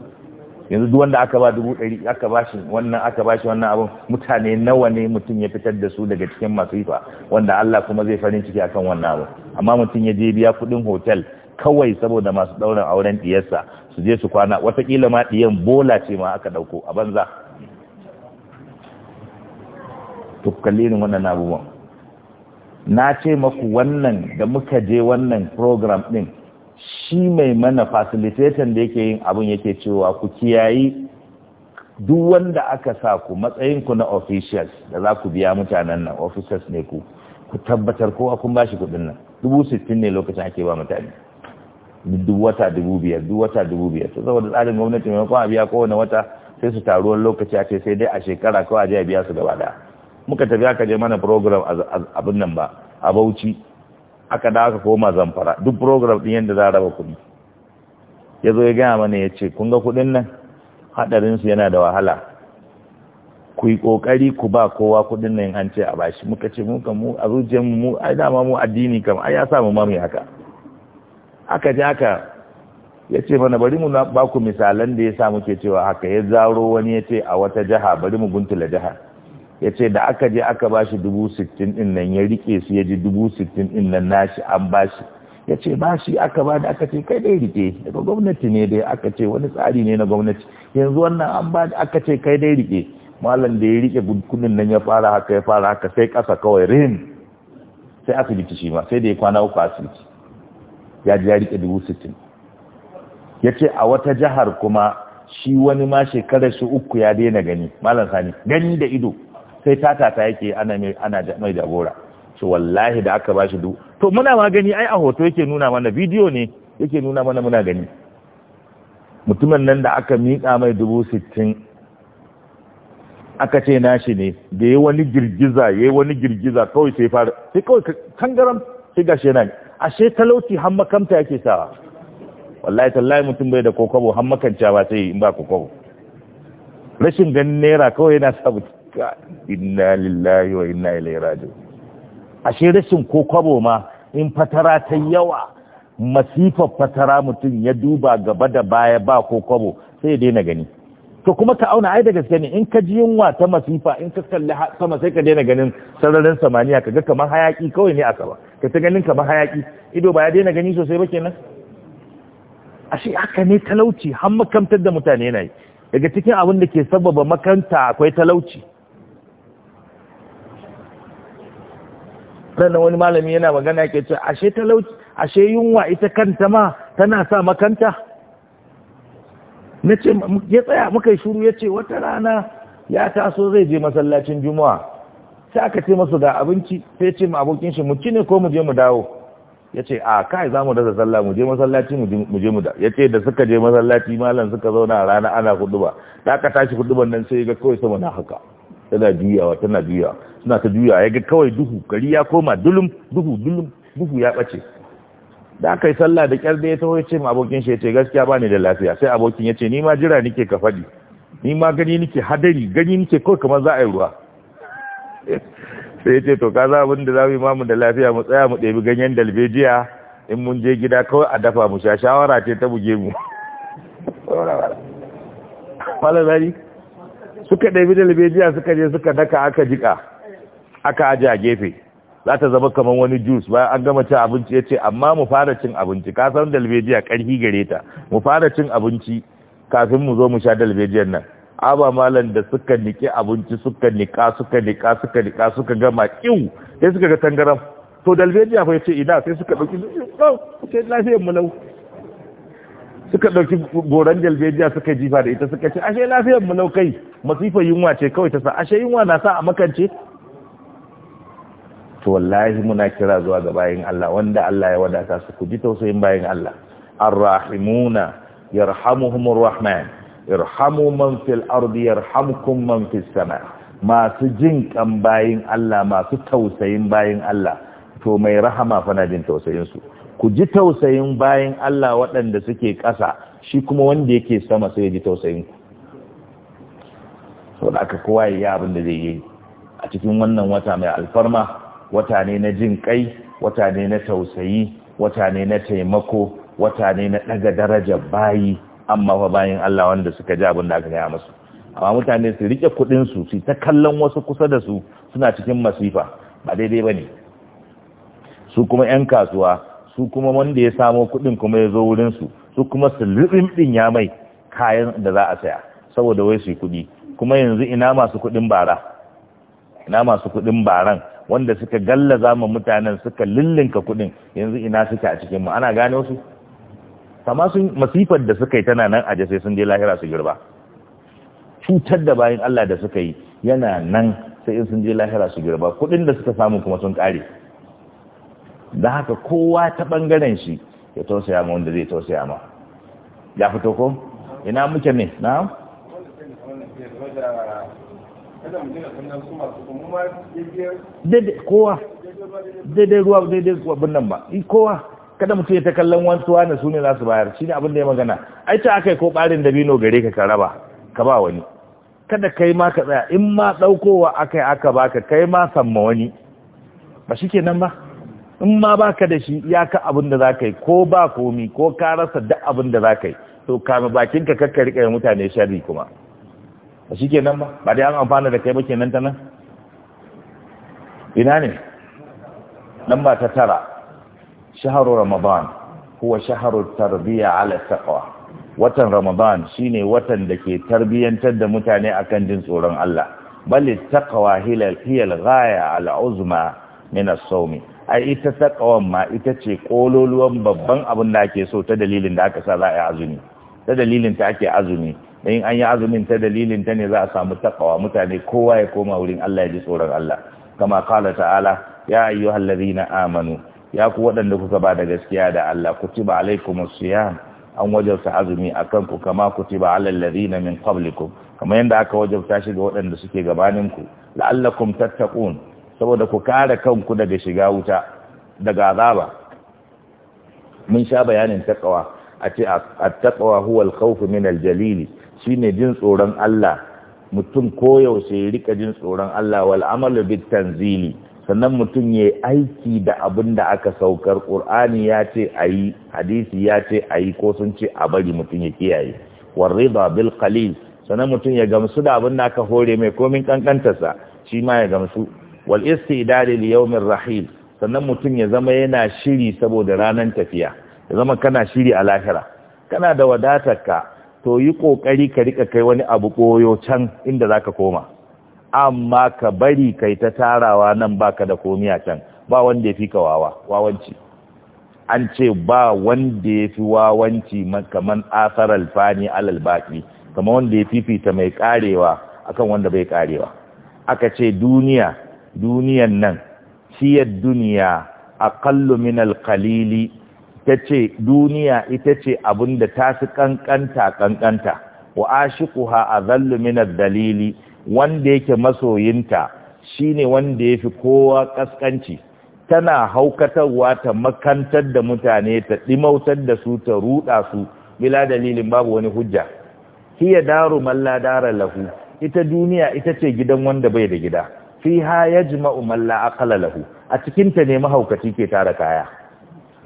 yanzu duk wanda aka ba dubu ɗari aka ba shi wannan aka ba shi wannan abin mutane nawa ne mutum ya fitar da su daga cikin masu yi wanda Allah kuma zai farin ciki akan wannan abin amma mutum ya je biya kuɗin hotel kawai saboda masu ɗaurin auren ɗiyarsa su je su kwana watakila ma ɗiyan bola ce ma aka ɗauko a banza to kalli wannan abubuwan na ce maku wannan da muka je wannan program ɗin shi mai mana facilitator da yake yin abin yake cewa ku kiyayi duk wanda aka sa ku matsayinku na officials da za ku biya mutanen nan officers ne ku ku tabbatar kowa kun bashi kudin nan dubu sittin ne lokacin ake ba mutane duk wata dubu biyar duk wata dubu biyar to saboda tsarin gwamnati mai a biya kowane wata sai su taruwar lokaci a ce sai dai a shekara kawai a biya su gaba daya muka tafi aka je mana program abin nan ba a bauchi aka da aka koma zamfara duk program din yadda za a raba kuɗi ya zo ya gaya mana ya ce kun ga kuɗin nan haɗarinsu yana da wahala ku yi ƙoƙari ku ba kowa kuɗin nan an ce a bashi muka ce muka mu a zuciyar mu ai dama mu addini kam ai ya samu mamu haka aka ji haka ya ce mana bari mu ba ku misalan da ya sa muke cewa haka ya zaro wani ya ce a wata jiha bari mu guntula jiha ya ce da aka je aka ba shi dubu sittin din nan ya rike su ya ji dubu sittin din nan nashi an ba shi ya ce ba shi aka ba da aka ce kai dai rike daga gwamnati ne dai aka ce wani tsari ne na gwamnati yanzu wannan an ba da aka ce kai dai rike malam da ya rike kudin nan ya fara haka ya fara haka sai kasa kawai rin sai asibiti shi ma sai da ya kwana uku asibiti ya ji ya rike dubu sittin ya ce a wata jihar kuma shi wani ma shekarar shi uku ya daina gani malam sani gani da ido sai ta-ta-ta yake ana mai ana mai jagora to wallahi da aka bashi du to muna ma gani ai a hoto yake nuna mana bidiyo ne yake nuna mana muna gani mutumin nan da aka miƙa mai dubu sittin aka ce nashi ne da yi wani girgiza ya yi wani girgiza kawai sai fara sai kawai kangaram sai gashi a ashe talauci har makamta yake sawa wallahi tallahi mutum bai da kokobo har makanta ba sai in ba kokobo rashin ganin naira kawai yana sa mutum inna lillahi wa inna ilaihi raji'un ashe rashin ko kwabo ma in fatara ta yawa masifar fatara mutum ya duba gaba da baya ba ko kwabo sai ya daina gani to kuma ka auna ai da gaske ne in ka ji yunwa ta masifa in ka kalli sama sai ka daina ganin sararin samaniya kaga kamar hayaki kawai ne a sama ka ta ganin kamar hayaki ido ba ya daina gani sosai ba kenan ashe haka ne talauci har makamtar da mutane na yi daga cikin abin da ke sababa makanta akwai talauci sannan wani malami yana magana ke ce ashe talauci ashe yunwa ita kanta ma tana sa makanta na ya tsaya muka yi shuru ya wata rana ya taso zai je masallacin juma'a sai aka ce masu ga abinci sai ce mu abokin shi mu ci ne ko mu je mu dawo ya a kai zamu dasa sallah mu je masallaci mu je mu da ya ce da suka je masallaci malam suka zauna a rana ana huduba da aka tashi kuduban nan sai ga kawai sama na haka tana juyawa tana juyawa suna ta juya ya ga kawai duhu gari ya koma dulum duhu dulum duhu ya bace da aka yi sallah da kyar da ya taho ya ce ma abokin shi ya ce gaskiya bani da lafiya sai abokin ya ce ni ma jira nike ka faɗi ni ma gani nike hadari gani nike kawai kamar za a yi ruwa *laughs* sai ya ce to ka za abin da za mu yi mamu da lafiya mu tsaya mu ɗebi ganyen dalbejiya in mun je gida kawai a dafa mu sha shawara ce ta buge mu *laughs* suka ɗabi dalbejiya suka je suka daka aka jika aka aje a gefe za ta zama kamar wani jus bayan an gama cin abinci ya ce amma mu fara cin abinci ka san dalbejiya ƙarfi gare ta mu fara cin abinci kafin mu zo mu sha dalbejiyar nan aba malam da suka niki abinci suka nika suka nika suka nika suka gama kiw sai suka ga tangaram to dalbejiya fa yace ina sai suka dauki sai lafiyar mu lau suka dauki goran dalbejiya suka jifa da ita suka ce ashe lafiyar mu lau kai masifar yunwa ce kawai ta sa ashe yunwa na sa a makance to wallahi muna kira zuwa ga bayin Allah wanda Allah ya wadata su ku ji tausayin bayin Allah arrahimuna yarhamuhumur rahman irhamu man fil ardi yarhamkum man fis sama masu jin kan bayin Allah masu tausayin bayin Allah to mai rahama fa na jin tausayin su ku ji tausayin bayin Allah waɗanda suke ƙasa shi kuma wanda yake sama sai ya ji tausayin ku saboda aka kowa ya abin da zai yi a cikin wannan wata mai alfarma wata ne na jin kai wata ne na tausayi wata ne na taimako wata ne na daga darajar bayi amma fa bayin Allah wanda suka ji abin da aka gaya musu amma mutane su rike kudin su su ta kallon wasu kusa da su suna cikin masifa ba daidai bane su kuma yan kasuwa su kuma wanda ya samo kudin kuma ya zo wurin su su kuma su din ya mai kayan da za a saya saboda wai su yi kudi kuma yanzu ina masu kudin bara ina masu kudin baran wanda suka gallaza ma mutanen suka lillinka kuɗin yanzu ina suke a cikin mu ana gane wasu. amma sun masifar da suka yi tana nan aje sai sun je lahira su girba cutar da bayan Allah da suka yi yana nan sai in sun je lahira su girba kuɗin da suka samu kuma sun kare da haka kowa ta bangaren shi ya tausaya ma wanda zai tausaya ma ya fito ko ina muke ne na'am daidai kowa daidai ruwa daidai abin ba kowa kada mutum ya ta kallon wasu na su ne za su bayar shi ne abin da ya magana ai ta aka yi ko ɓarin dabino gare ka ka raba ka ba wani kada kai ma ka tsaya in ma ɗaukowa aka yi aka baka kai ma samma wani ba shi ke nan ba in ma baka da shi iyaka abin da za ka yi ko ba komi ko ka rasa duk abin da za ka yi to kame bakinka kakka riƙa mutane shari kuma ba shi kenan ba ba dai an amfana da kai ba kenan ta nan ina ne nan ba ta tara shaharu ramadan huwa shaharu tarbiya ala taqwa watan ramadan shine watan da ke tarbiyyantar da mutane akan jin tsoron Allah bal taqwa hiyal hiyal ghaya al min as-sawmi ai ita taqwan ma ita ce kololuwan babban abin da ake so ta dalilin da aka sa za a yi azumi ta dalilin ta ake azumi da in an yi azumin ta dalilin ta ne za a samu takawa mutane kowa ya koma wurin Allah ya ji tsoron Allah kama kala ta'ala ya halari na amanu ya ku waɗanda kuka ba da gaskiya da Allah kutiba alaikumus siyam an wajabta azumi akan ku kama kutiba alal ladina min qablikum kamar yadda aka wajabta shi ga waɗanda suke gabanin ku la'allakum tattaqun saboda ku kare kanku daga shiga wuta daga azaba mun sha bayanin takawa a ce at-taqwa huwa al-khawf min al-jalili shine jin tsoron Allah mutum koyaushe ya rika jin tsoron Allah wal amalu bit tanzili sannan mutum ya aiki da abin da aka saukar ƙur'ani ya ce a yi hadisi ya ce a yi ko sun ce a bari mutum ya kiyaye warriba bil qalil sannan mutum ya gamsu da abin da aka hore mai komin sa. shi ma ya gamsu wal istidari li yawmir rahil sannan mutum ya zama yana shiri saboda ranar tafiya ya zama kana shiri a lahira kana da wadatarka to yi ƙoƙari ka rika kai wani abu ƙoyo can inda za ka koma amma ka bari kai ta tarawa nan baka da komi a can ba wanda ya fi ka wawa wawanci an ce ba wanda ya fi wawanci kaman asar alfani alal baki kamar wanda ya fifita mai ƙarewa akan wanda bai ƙarewa. aka ce duniya duniyan nan ciyar duniya aqallu min alqalili ta ce duniya ita ce abin da ta fi ƙanƙanta kankanta wa ha a zallu minar dalili wanda yake masoyinta shine wanda ya fi kowa ƙasƙanci tana haukatarwa ta makantar da mutane ta ɗimautar da su ta ruɗa su bila dalilin babu wani hujja hiya daru malla dara lahu ita duniya ita ce gidan wanda bai da gida fiha yajma'u man la aqala lahu a cikinta ne mahaukaci ke tara kaya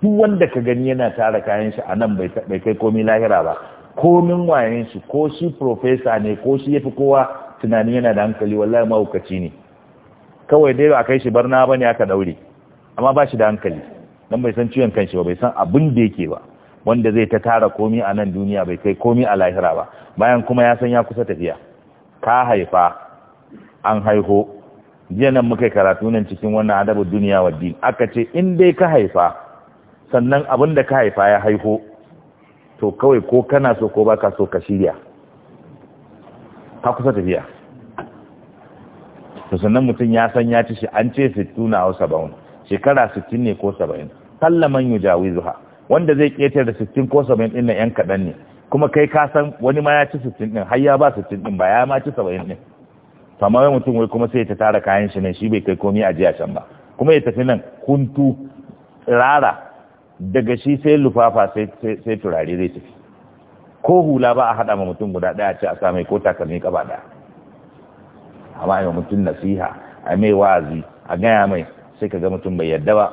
duk wanda ka gani yana tara kayan shi a nan bai kai komai lahira ba komin wayen shi ko shi profesa ne ko shi yafi kowa tunani yana da hankali wallahi mahaukaci ne kawai dai ba kai shi barna ba ne aka daure amma ba shi da hankali dan bai san ciwon kanshi ba bai san abin da yake ba wanda zai ta tara komi a nan duniya bai kai komi a lahira ba bayan kuma ya san ya kusa tafiya ka haifa an haiho jiya nan muka karatu nan cikin wannan adabu duniya wa din aka ce in dai ka haifa sannan abin da ka haifa ya haifo to kawai ko kana so ko baka so ka shirya ka kusa tafiya to sannan mutum ya san ya ci shi an ce tuna na hausa ba'un shekara sittin ne ko saba'in sallaman yu jawi zuha wanda zai ƙetare da sittin ko saba'in ɗin na 'yan kaɗan ne kuma kai ka san wani ma ya ci sittin ɗin har ya ba sittin ɗin ba ya ma ci saba'in ɗin to amma mutum wai kuma sai ta tara kayan shi ne shi bai kai komai a jiya can ba kuma ya tafi nan kuntu rara daga shi sai lufafa sai turare zai tafi ko hula ba a haɗa ma mutum guda ɗaya ce a samai ko takalmi ƙaba ɗaya amma yi mutum nasiha a mai wa'azi a gaya mai sai ka ga mutum bai yadda ba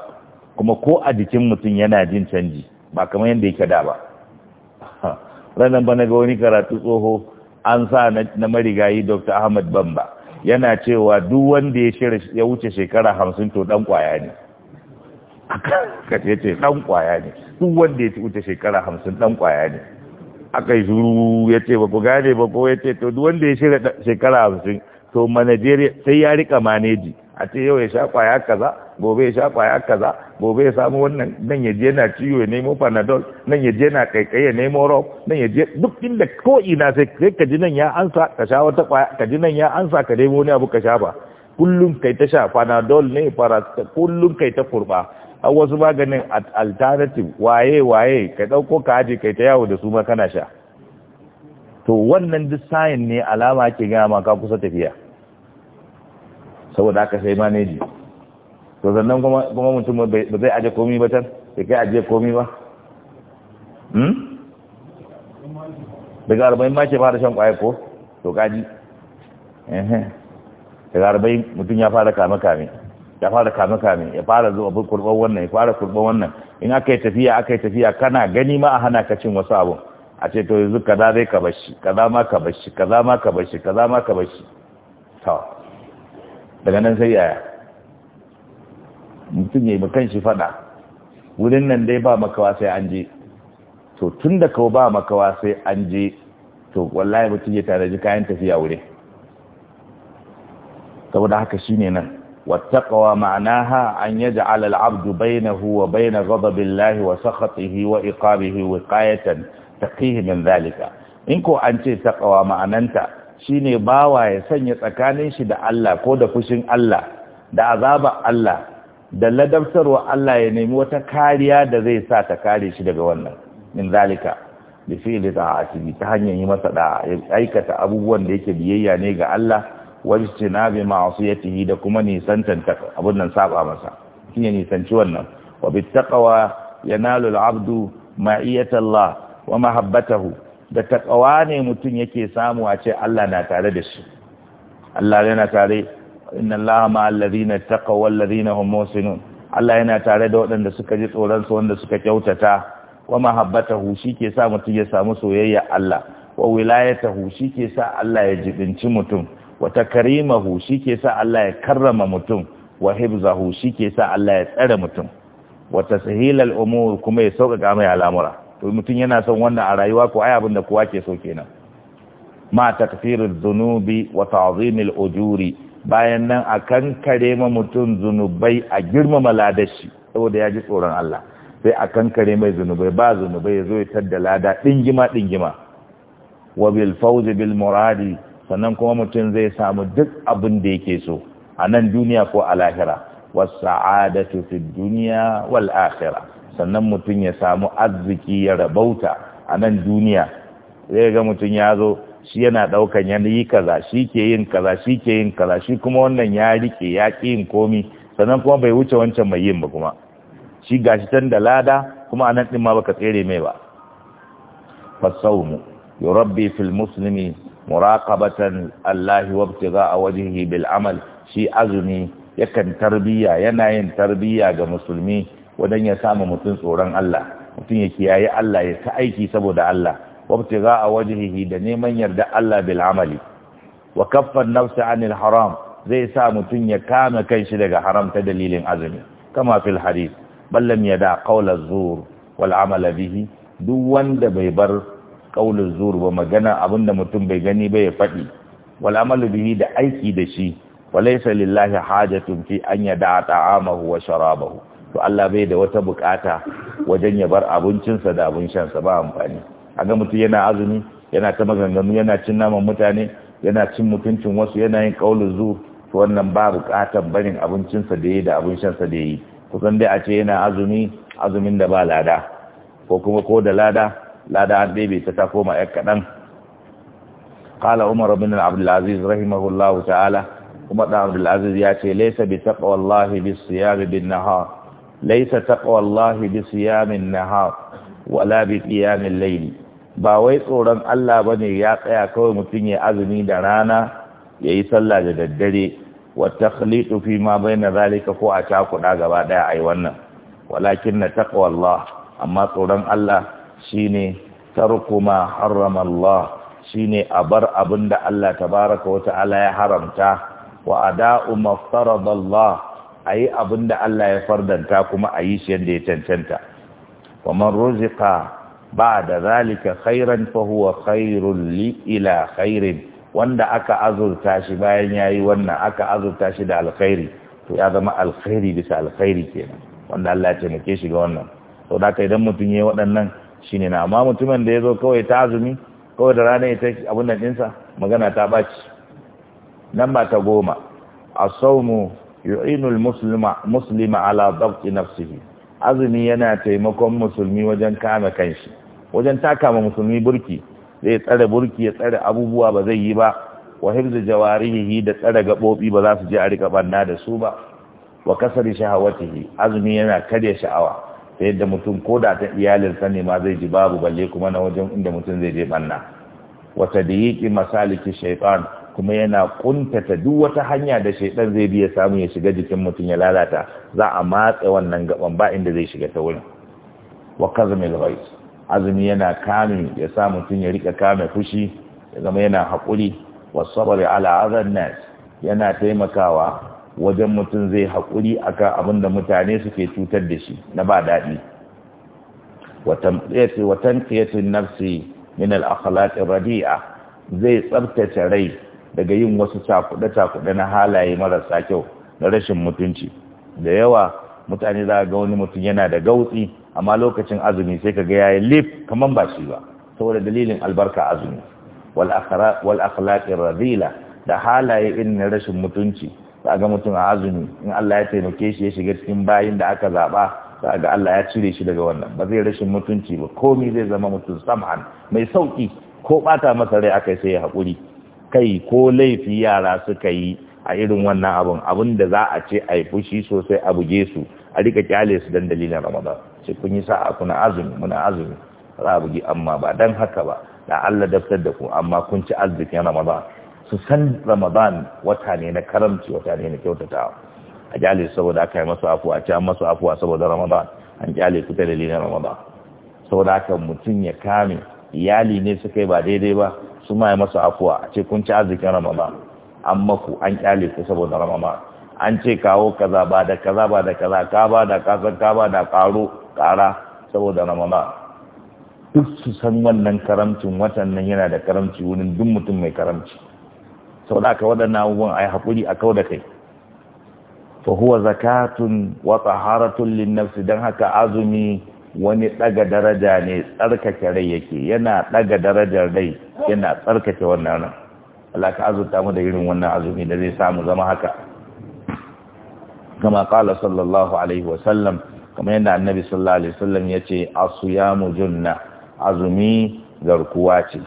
kuma ko a jikin mutum yana jin canji ba kamar yadda yake da ba *laughs* ranar bana ga wani karatu tsoho an sa na marigayi dr ahmad bamba yana cewa duk wanda ya wuce shekara hamsin to dan kwaya ne aka ce dan kwaya ne duk wanda ya ci wuce shekara hamsin dan kwaya ne aka yi zuru ya ce ba ku gane ba ko ya ce to duk wanda ya shirya shekara hamsin to manajeriya sai ya rika maneji a ce yau ya sha kwaya kaza gobe ya sha kwaya kaza gobe ya samu wannan nan ya je na ciwo ya nemo panadol nan ya je na kaikai ya nemo rob nan ya je duk inda ko ina sai ka ji nan ya ansa ka sha wata kwaya ka ji nan ya ansa ka nemo wani abu ka sha ba kullum kai ta sha panadol ne fara kullum kai ta kurba a wasu maganin alternative waye waye ka ɗauko ka aje kai ta yawo da su ma kana sha to wannan duk sayin ne alama ake gaya ma ka kusa tafiya saboda aka sai manage to sannan kuma mutum ba zai aje komi ba tan sai kai aje komi ba hmm? daga arba'in ma ke fara shan kwaye ko to kaji daga arba'in mutum ya fara kame-kame ya fara kame kame ya fara zuwa kurban wannan ya fara kurban wannan in aka yi tafiya aka yi tafiya kana gani ma a hana ka cin wasu abu a ce to yanzu kaza zai ka bashi kaza ma ka bashi kaza ma ka bashi kaza ma ka bashi to daga nan sai yaya mutum ya yi kan shi fada wurin nan dai ba makawa sai an je to tun da kawo ba makawa sai an je to wallahi mutum ya tare kayan tafiya wurin saboda haka shine nan والتقوى معناها أن يجعل العبد بينه وبين غضب الله وسخطه وإقابه وقاية تقيه من ذلك إنكو أنت تقوى معنانتا شيني باوا يسني تكانيش دا الله كود فشن الله دا عذاب الله da ladabtarwa Allah ya nemi wata kariya da zai sa ta kare shi daga wannan min zalika bi fi'li ta'ati ta hanyar yi masa da aikata abubuwan da yake biyayya ne ga Allah wajtinabi ma'siyatihi da kuma nisantan abun nan saba masa shi ne nisanci wannan wa bittaqwa yanalu al ma'iyata Allah wa mahabbatahu da taqwa ne mutum yake samu a ce Allah na tare da shi Allah yana tare inna Allah ma'al ladina taqaw wal hum Allah yana tare da waɗanda suka ji tsoron sa wanda suka kyautata wa mahabbatahu ke sa mutum ya samu soyayya Allah wa wilayatahu ke sa Allah ya jibinci mutum wa shi ke sa Allah ya karrama mutum wa hibzahu ke sa Allah ya tsare mutum Wata sahilal umur kuma ya sauƙaƙa mai al'amura to mutum yana son wannan a rayuwa ko ai abin kowa ke so kenan ma takfirul dhunubi wa ta'zimil ujuri bayan nan akan kare ma mutum zunubai a girmama ladashi saboda ya ji tsoron Allah sai akan kare mai zunubai ba zunubai ya zo ya tadda lada dingima dingima wa bil fawzi bil muradi sannan kuma mutum zai samu duk abin da yake so a nan duniya ko a lahira da fid duniya wal sannan mutum ya samu arziki ya rabauta a nan duniya zai ga mutum ya zo shi yana daukan yanayi kaza shi ke yin kaza shi ke yin kaza shi kuma wannan ya rike ya ki yin komi sannan kuma bai wuce wancan mai yin ba kuma shi gashi tan da lada kuma a nan ɗin ma baka tsere mai ba Fassau-mu fil muslimi muraqabatan Allah wa ibtigha'a wajhihi bil amal shi azumi yakan tarbiya yana yin tarbiya ga musulmi wadan ya samu mutum tsoron Allah mutum ya kiyayi Allah ya ta aiki saboda Allah wa ibtigha'a wajhihi da neman yarda Allah bil amali wa kaffa an-nafsa 'anil haram zai sa mutum ya kame kanshi daga haram ta dalilin azumi kama fil hadith ballam yada qawla zuhur, zur wal amala bihi duk wanda bai bar kaulin zur ba magana abinda mutum bai gani ba ya faɗi wal'amalu amalu bihi da aiki da shi walaisa lillahi hajatun fi an yada'a ta'amahu wa sharabahu to Allah bai da wata bukata wajen ya bar abincinsa da abin shansa ba amfani ga mutum yana azumi yana ta maganganu yana cin naman mutane yana cin mutuncin wasu yana yin kaulin zur to wannan ba bukatan barin abincinsa da yi da abin shansa da yi kusan dai a ce yana azumi azumin da ba lada ko kuma ko da lada lada an ɗebe ta ta koma ‘yar kaɗan ƙala umar bin abdulaziz rahimahullahu ta'ala kuma ɗan abdulaziz ya ce laisa bi taƙa wallahi bi siyami bin nahar laisa taƙa wallahi bi siyamin nahar wala bi ƙiyamin laili ba wai tsoron Allah ba ne ya tsaya kawai mutum ya azumi da rana ya yi sallah da daddare wata khalitu fi ma bai na zalika ko a cakuɗa gaba ɗaya a yi wannan walakin na taƙa Allah amma tsoron Allah shine tarku ma harrama Allah shine abar abinda Allah baraka wata ala ya haramta wa ada'u ma farada Allah ayi abinda Allah ya fardanta kuma ayi shi yanda ya cancanta wa man ruziqa ba'da zalika khairan fa huwa khairul li ila khairin wanda aka azurta shi bayan yayi wannan aka azurta shi da alkhairi to ya zama alkhairi bisa alkhairi kenan wanda Allah ya taimake shi ga wannan to da idan mutum yayi waɗannan shine na amma mutumin da ya zo kawai ta azumi kawai da rana ita abin nan ɗinsa magana ta ɓaci nan ba ta goma a saumu yu'inul muslima ala na nafsihi azumi yana taimakon musulmi wajen kame kanshi wajen takama musulmi burki zai tsare burki ya tsare abubuwa ba zai yi ba wa hifzu jawarihi da tsare gabobi ba za su je a rika banna da su ba wa kasari shahawatihi azumi yana karya sha'awa ta yadda mutum ko da ta iyalin, sani ma zai ji babu balle kuma na wajen inda mutum zai je banna wata da yiki masaliki shaitan kuma yana kuntata duk wata hanya da shaitan zai biya samu ya shiga jikin mutum ya lalata za a matse wannan gaban ba inda zai shiga ta wuri. wa kazmil ghaiz azumi yana kame ya sa mutum ya rika kame fushi ya zama yana hakuri. wa sabr ala azan nas yana taimakawa wajen mutum zai haƙuri kan abin da mutane suke cutar da shi na ba daɗi watan ƙiyatun nafsi min al'akhalatin radi'a zai tsabtace rai daga yin wasu cakuɗe-cakuɗe na halaye marasa kyau na rashin mutunci da yawa mutane za ga wani mutum yana da gautsi amma lokacin azumi sai ka ga 'ya'yan lif kamar ba shi ba saboda dalilin albarka azumi wal akhlaqir radila da halaye irin na rashin mutunci za a ga mutum a azumi in Allah ya taimake shi ya shiga cikin bayin da aka zaɓa za ga Allah ya cire shi daga wannan ba zai rashin mutunci ba komi zai zama mutum sam'an mai sauƙi ko ɓata masa rai aka sai ya haƙuri kai ko laifi yara suka yi a irin wannan abun abun da za a ce a yi fushi sosai a buge su a rika kyale su dan dalilin ramadan sai kun yi sa'a kuna azumi muna azumi za a bugi amma ba dan haka ba da Allah daftar da ku amma kun ci arzikin ramadan su san ramadan wata ne na karamci wata ne na kyautatawa a su saboda aka yi masu afuwa a ci an masu afuwa saboda ramadan an kyale su ta dalilin ramadan saboda haka mutum ya kame iyali ne su kai ba daidai ba su ma yi masu afuwa a ce kun ci arzikin ramadan an maku an kyale ku saboda ramadan an ce kawo kaza ba da kaza ba da kaza ka ba da kasar ka ba da karo kara saboda ramadan duk su san wannan karamcin watan nan yana da karamci wurin duk mutum mai karamci sau da aka waɗannan abubuwan a yi haƙuri a kau da kai fa huwa zakatun wa haratun lin don haka azumi wani ɗaga daraja ne tsarkake rai yake yana ɗaga darajar rai yana tsarkake wannan ran Allah ka azurta mu da irin wannan azumi da zai samu zama haka kama qala sallallahu alaihi wa sallam kamar yadda annabi sallallahu alaihi wasallam yace ya mu junna azumi garkuwa ce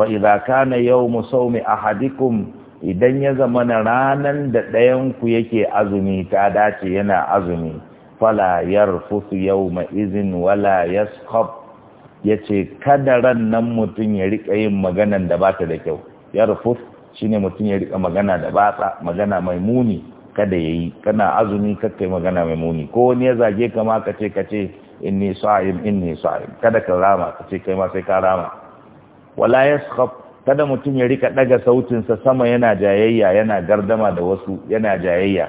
fa idza kana yawmu sawmi ahadikum idan ya zama na ranan da ɗayan ku yake azumi ta dace yana azumi fala yarfusu yawma izin wala yasqab yace kada rannan mutum mutun ya rika yin maganan da bata da kyau yarfus shine mutun ya rika magana da batsa magana mai muni kada yayi kana azumi kakkai magana mai muni ko wani ya zage ka ma kace kace inni sa'im inni sa'im kada ka rama kace kai ma sai ka rama wala yaskhab kada mutum ya rika daga sautinsa sama yana jayayya yana gardama da wasu yana jayayya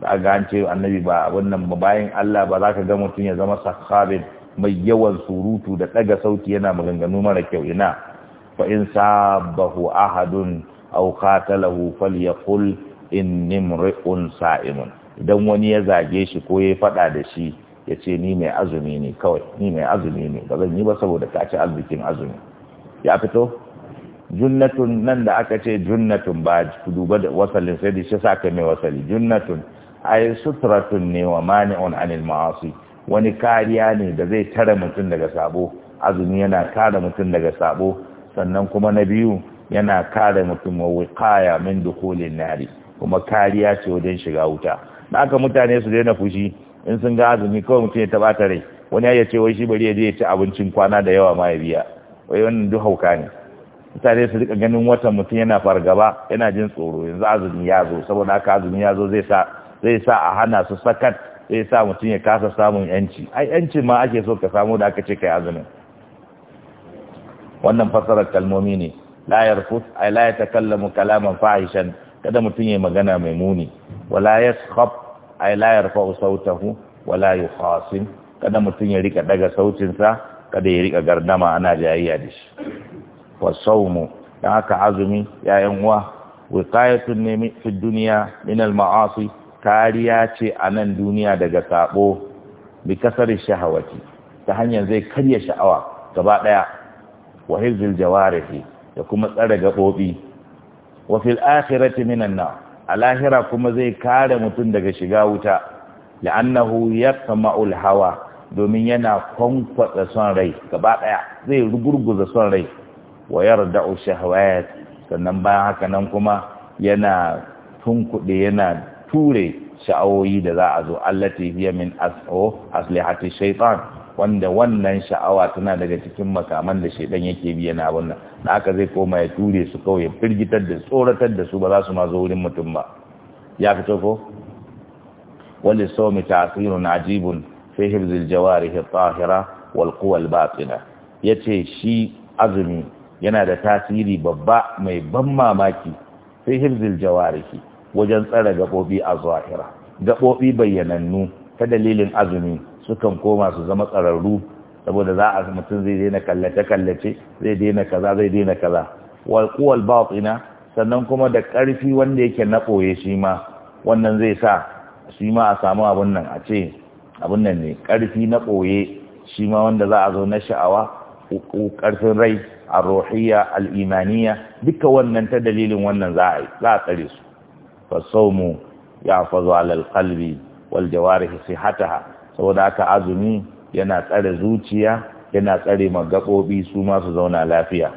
da ga ce annabi ba abin nan bayan Allah ba za ka ga mutum ya zama sakhabin mai yawan surutu da ɗaga sauti yana maganganu mara kyau ina fa in sabahu ahadun aw qatalahu falyaqul inni mri'un sa'imun idan wani ya zage shi ko ya faɗa da shi ya ce ni mai azumi ne kawai ni mai azumi ne ba zan yi ba saboda ka ci arzikin azumi ya fito junnatun nan da aka ce junnatun ba ku duba da wasalin sai da shi sa ka mai wasali junnatun ai sutratun ne wa mani'un anil ma'asi wani kariya ne da zai tare mutum daga sabo azumi yana kare mutum daga sabo sannan kuma na biyu yana kare mutum wa wiqaya min dukhulin nari kuma kariya ce wajen shiga wuta da aka mutane su daina fushi in sun ga azumi kawai mutum ya taɓa tare. wani ya ce wai shi bari ya je ya ci abincin kwana da yawa ma ya biya wai wannan duk hauka ne mutane su rika ganin watan mutum yana fargaba yana jin tsoro yanzu azumi ya zo saboda haka azumi ya zo zai sa zai sa a hana su sakat zai sa mutum ya kasa samun yanci ai yanci ma ake so ka samu da aka ce kai azumin wannan fasarar kalmomi ne la yarfut ai la yatakallamu kalaman fahishan kada mutum ya magana mai muni wala yaskhab ai la yarfa sautahu wala yukhasim kada mutum ya rika daga sautinsa kada ya riƙa gardama ana jayayya da shi wa saumu dan haka azumi yayin uwa wiqayatun ne fi duniya min al ma'asi kariya ce a nan duniya daga sabo bi kasar shahawati ta hanyar zai karya sha'awa gaba daya wa hizil jawarihi da kuma tsare gabobi wa fil akhirati min an a lahira kuma zai kare mutum daga shiga wuta la'annahu yaqma'ul hawa domin yana kwankwasa son rai gaba ɗaya zai rugurguza son rai wa yarda'u shahawat sannan bayan haka nan kuma yana tunkuɗe yana ture sha'awoyi da za a zo allati hiya min as'o aslihati shaitan wanda wannan sha'awa tana daga cikin makaman da shaytan yake bi yana wannan da aka zai koma ya ture su kawai firgitar da tsoratar da su ba za su ma zo wurin mutum ba ya fito ko wani so mai tasirun ajibun fi hibzil jawarihi tahira wal quwal batina yace shi azumi yana da tasiri babba mai ban mamaki fi hibzil jawarihi wajen tsara gabobi a zahira gabobi bayyanannu ta dalilin azumi sukan koma su zama tsararru saboda za a mutum zai daina kallace kallace zai daina kaza zai daina kaza wal quwal batina sannan kuma da ƙarfi wanda yake na ɓoye shi ma wannan zai sa shi ma a samu abun nan a ce abin nan ne ƙarfi na ɓoye shi ma wanda za a zo na sha'awa ƙarfin rai a rohiyya al'imaniya duka wannan ta dalilin wannan za a tsare su fasomu ya fazo alal qalbi wal jawarihi sihataha saboda haka azumi yana tsare zuciya yana tsare magabobi su masu su zauna lafiya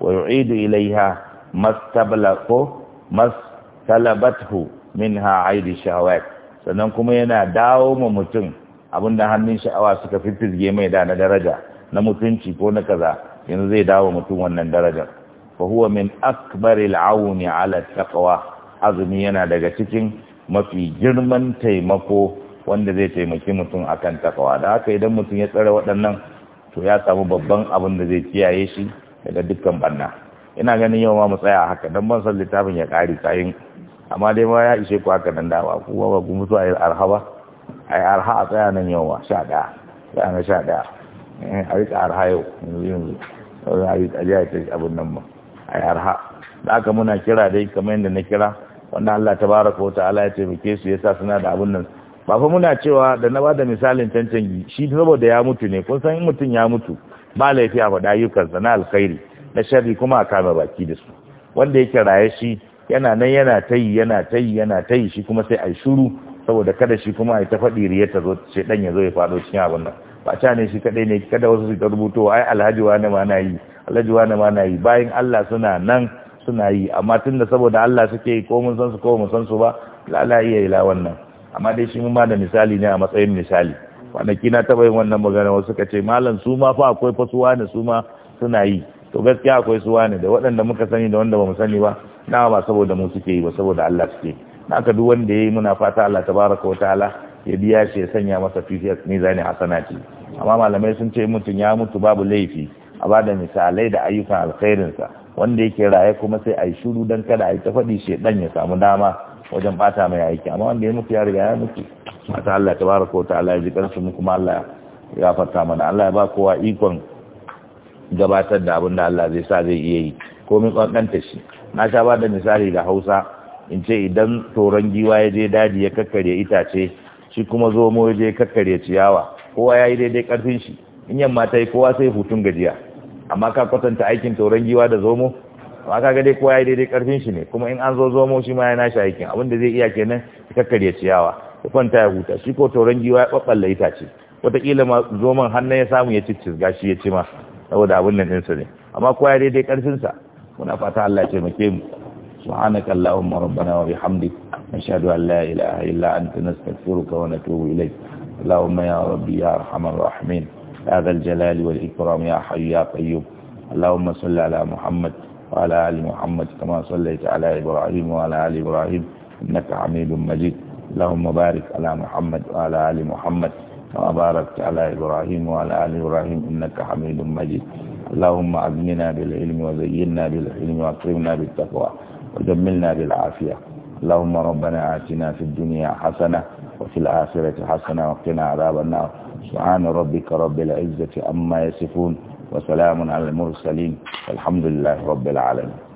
wa ilaiha mastablaqo mastalabathu minha aidi shahawat sannan kuma yana dawo ma mutum abinda hannun sha'awa suka fiffizge mai da na daraja na mutunci ko na kaza yanzu zai dawo mutum wannan darajar fa huwa min akbaril auni ala taqwa azumi yana daga cikin mafi girman taimako wanda zai taimaki mutum akan taqwa da haka idan mutum ya tsare waɗannan to ya samu babban abin da zai kiyaye shi daga dukkan banna ina ganin yau ma mu tsaya haka dan ban san littafin ya kare tsayin amma dai ma ya ishe ku haka nan dawa kuma ba ku mutu a arhaba a yi arha a tsaya yawa sha daya ya sha daya eh, a rika arha yau yanzu yanzu a rika abin nan ba a yi arha da aka muna kira dai kamar yadda na kira wanda Allah ta baraka wata ala ya taimake su yasa suna da abin nan ba fa muna cewa da na bada misalin yi shi saboda ya mutu ne kun san in mutum ya mutu ba laifi a faɗa ayyukansa na alkhairi na sharri kuma a kama baki da su wanda yake raye shi yana nan yana ta yi yana ta yi yana ta yi shi kuma sai a shuru saboda kada shi kuma ya ta faɗi riya ta zo ce dan ya zo ya faɗo cikin abin nan ba ta ne shi kadai ne kada wasu su ta rubuto ai alhaji wani ma na yi alhaji wani ma na yi bayan Allah suna nan suna yi amma tunda saboda Allah suke ko mun san su ko mun san su ba lala iya ila wannan amma dai shi mun ma da misali ne a matsayin misali kwanaki na taɓa yin wannan magana wasu ka ce malam su ma fa akwai fa suwa ne su ma suna yi to gaskiya akwai suwa ne da waɗanda muka sani da wanda ba mu sani ba na ba saboda mu suke yi ba saboda Allah suke yi haka duk wanda yayi muna fata Allah tabaraka wa ta'ala ya biya shi ya sanya masa fifiyar mizani hasanati amma malamai sun ce mutum ya mutu babu laifi a bada misalai da ayyukan alkhairinsa wanda yake raye kuma sai ayi yi shiru don kada a yi ta faɗi shedan ya samu dama wajen bata mai aiki amma wanda ya mutu ya riga ya mutu mata Allah ta baraka wa ta'ala ya ji karsu mu kuma Allah ya fata mana Allah ya ba kowa ikon gabatar da abin da Allah zai sa zai iya yi komai kankanta shi na sha ba da misali da Hausa in ce idan toron giwa ya je daji ya kakkarya itace shi kuma zomo ya je kakkarya ciyawa kowa ya yi daidai karfin shi in yamma ta yi kowa sai hutun gajiya amma ka kwatanta aikin toron giwa da zomo ba ka ga dai kowa ya yi daidai karfin shi ne kuma in an zo zomo shi ma ya nashi aikin abin da zai iya kenan ya kakkarya ciyawa ya kwanta ya huta shi ko toron giwa ya ɓaɓɓalla itace wataƙila ma zoman hannun ya samu ya ciccisga shi ya ci ma saboda abin nan ɗinsa ne amma kowa ya daidai ƙarfinsa muna fata Allah ya taimake mu سبحانك اللهم ربنا وبحمدك نشهد أن لا إله إلا أنت نستغفرك ونتوب إليك اللهم يا ربي يا أرحم الراحمين هذا الجلال والإكرام يا حي يا قيوم اللهم صل على محمد وعلى آل محمد كما صليت على إبراهيم وعلى آل إبراهيم إنك حميد مجيد اللهم بارك على محمد وعلى آل محمد كما باركت على إبراهيم وعلى آل إبراهيم إنك حميد مجيد اللهم أغننا بالعلم وزينا بالعلم وأكرمنا بالتقوى وجملنا بالعافية اللهم ربنا آتنا في الدنيا حسنة وفي الآخرة حسنة وقنا عذاب النار سبحان ربك رب العزة أما يصفون وسلام على المرسلين والحمد لله رب العالمين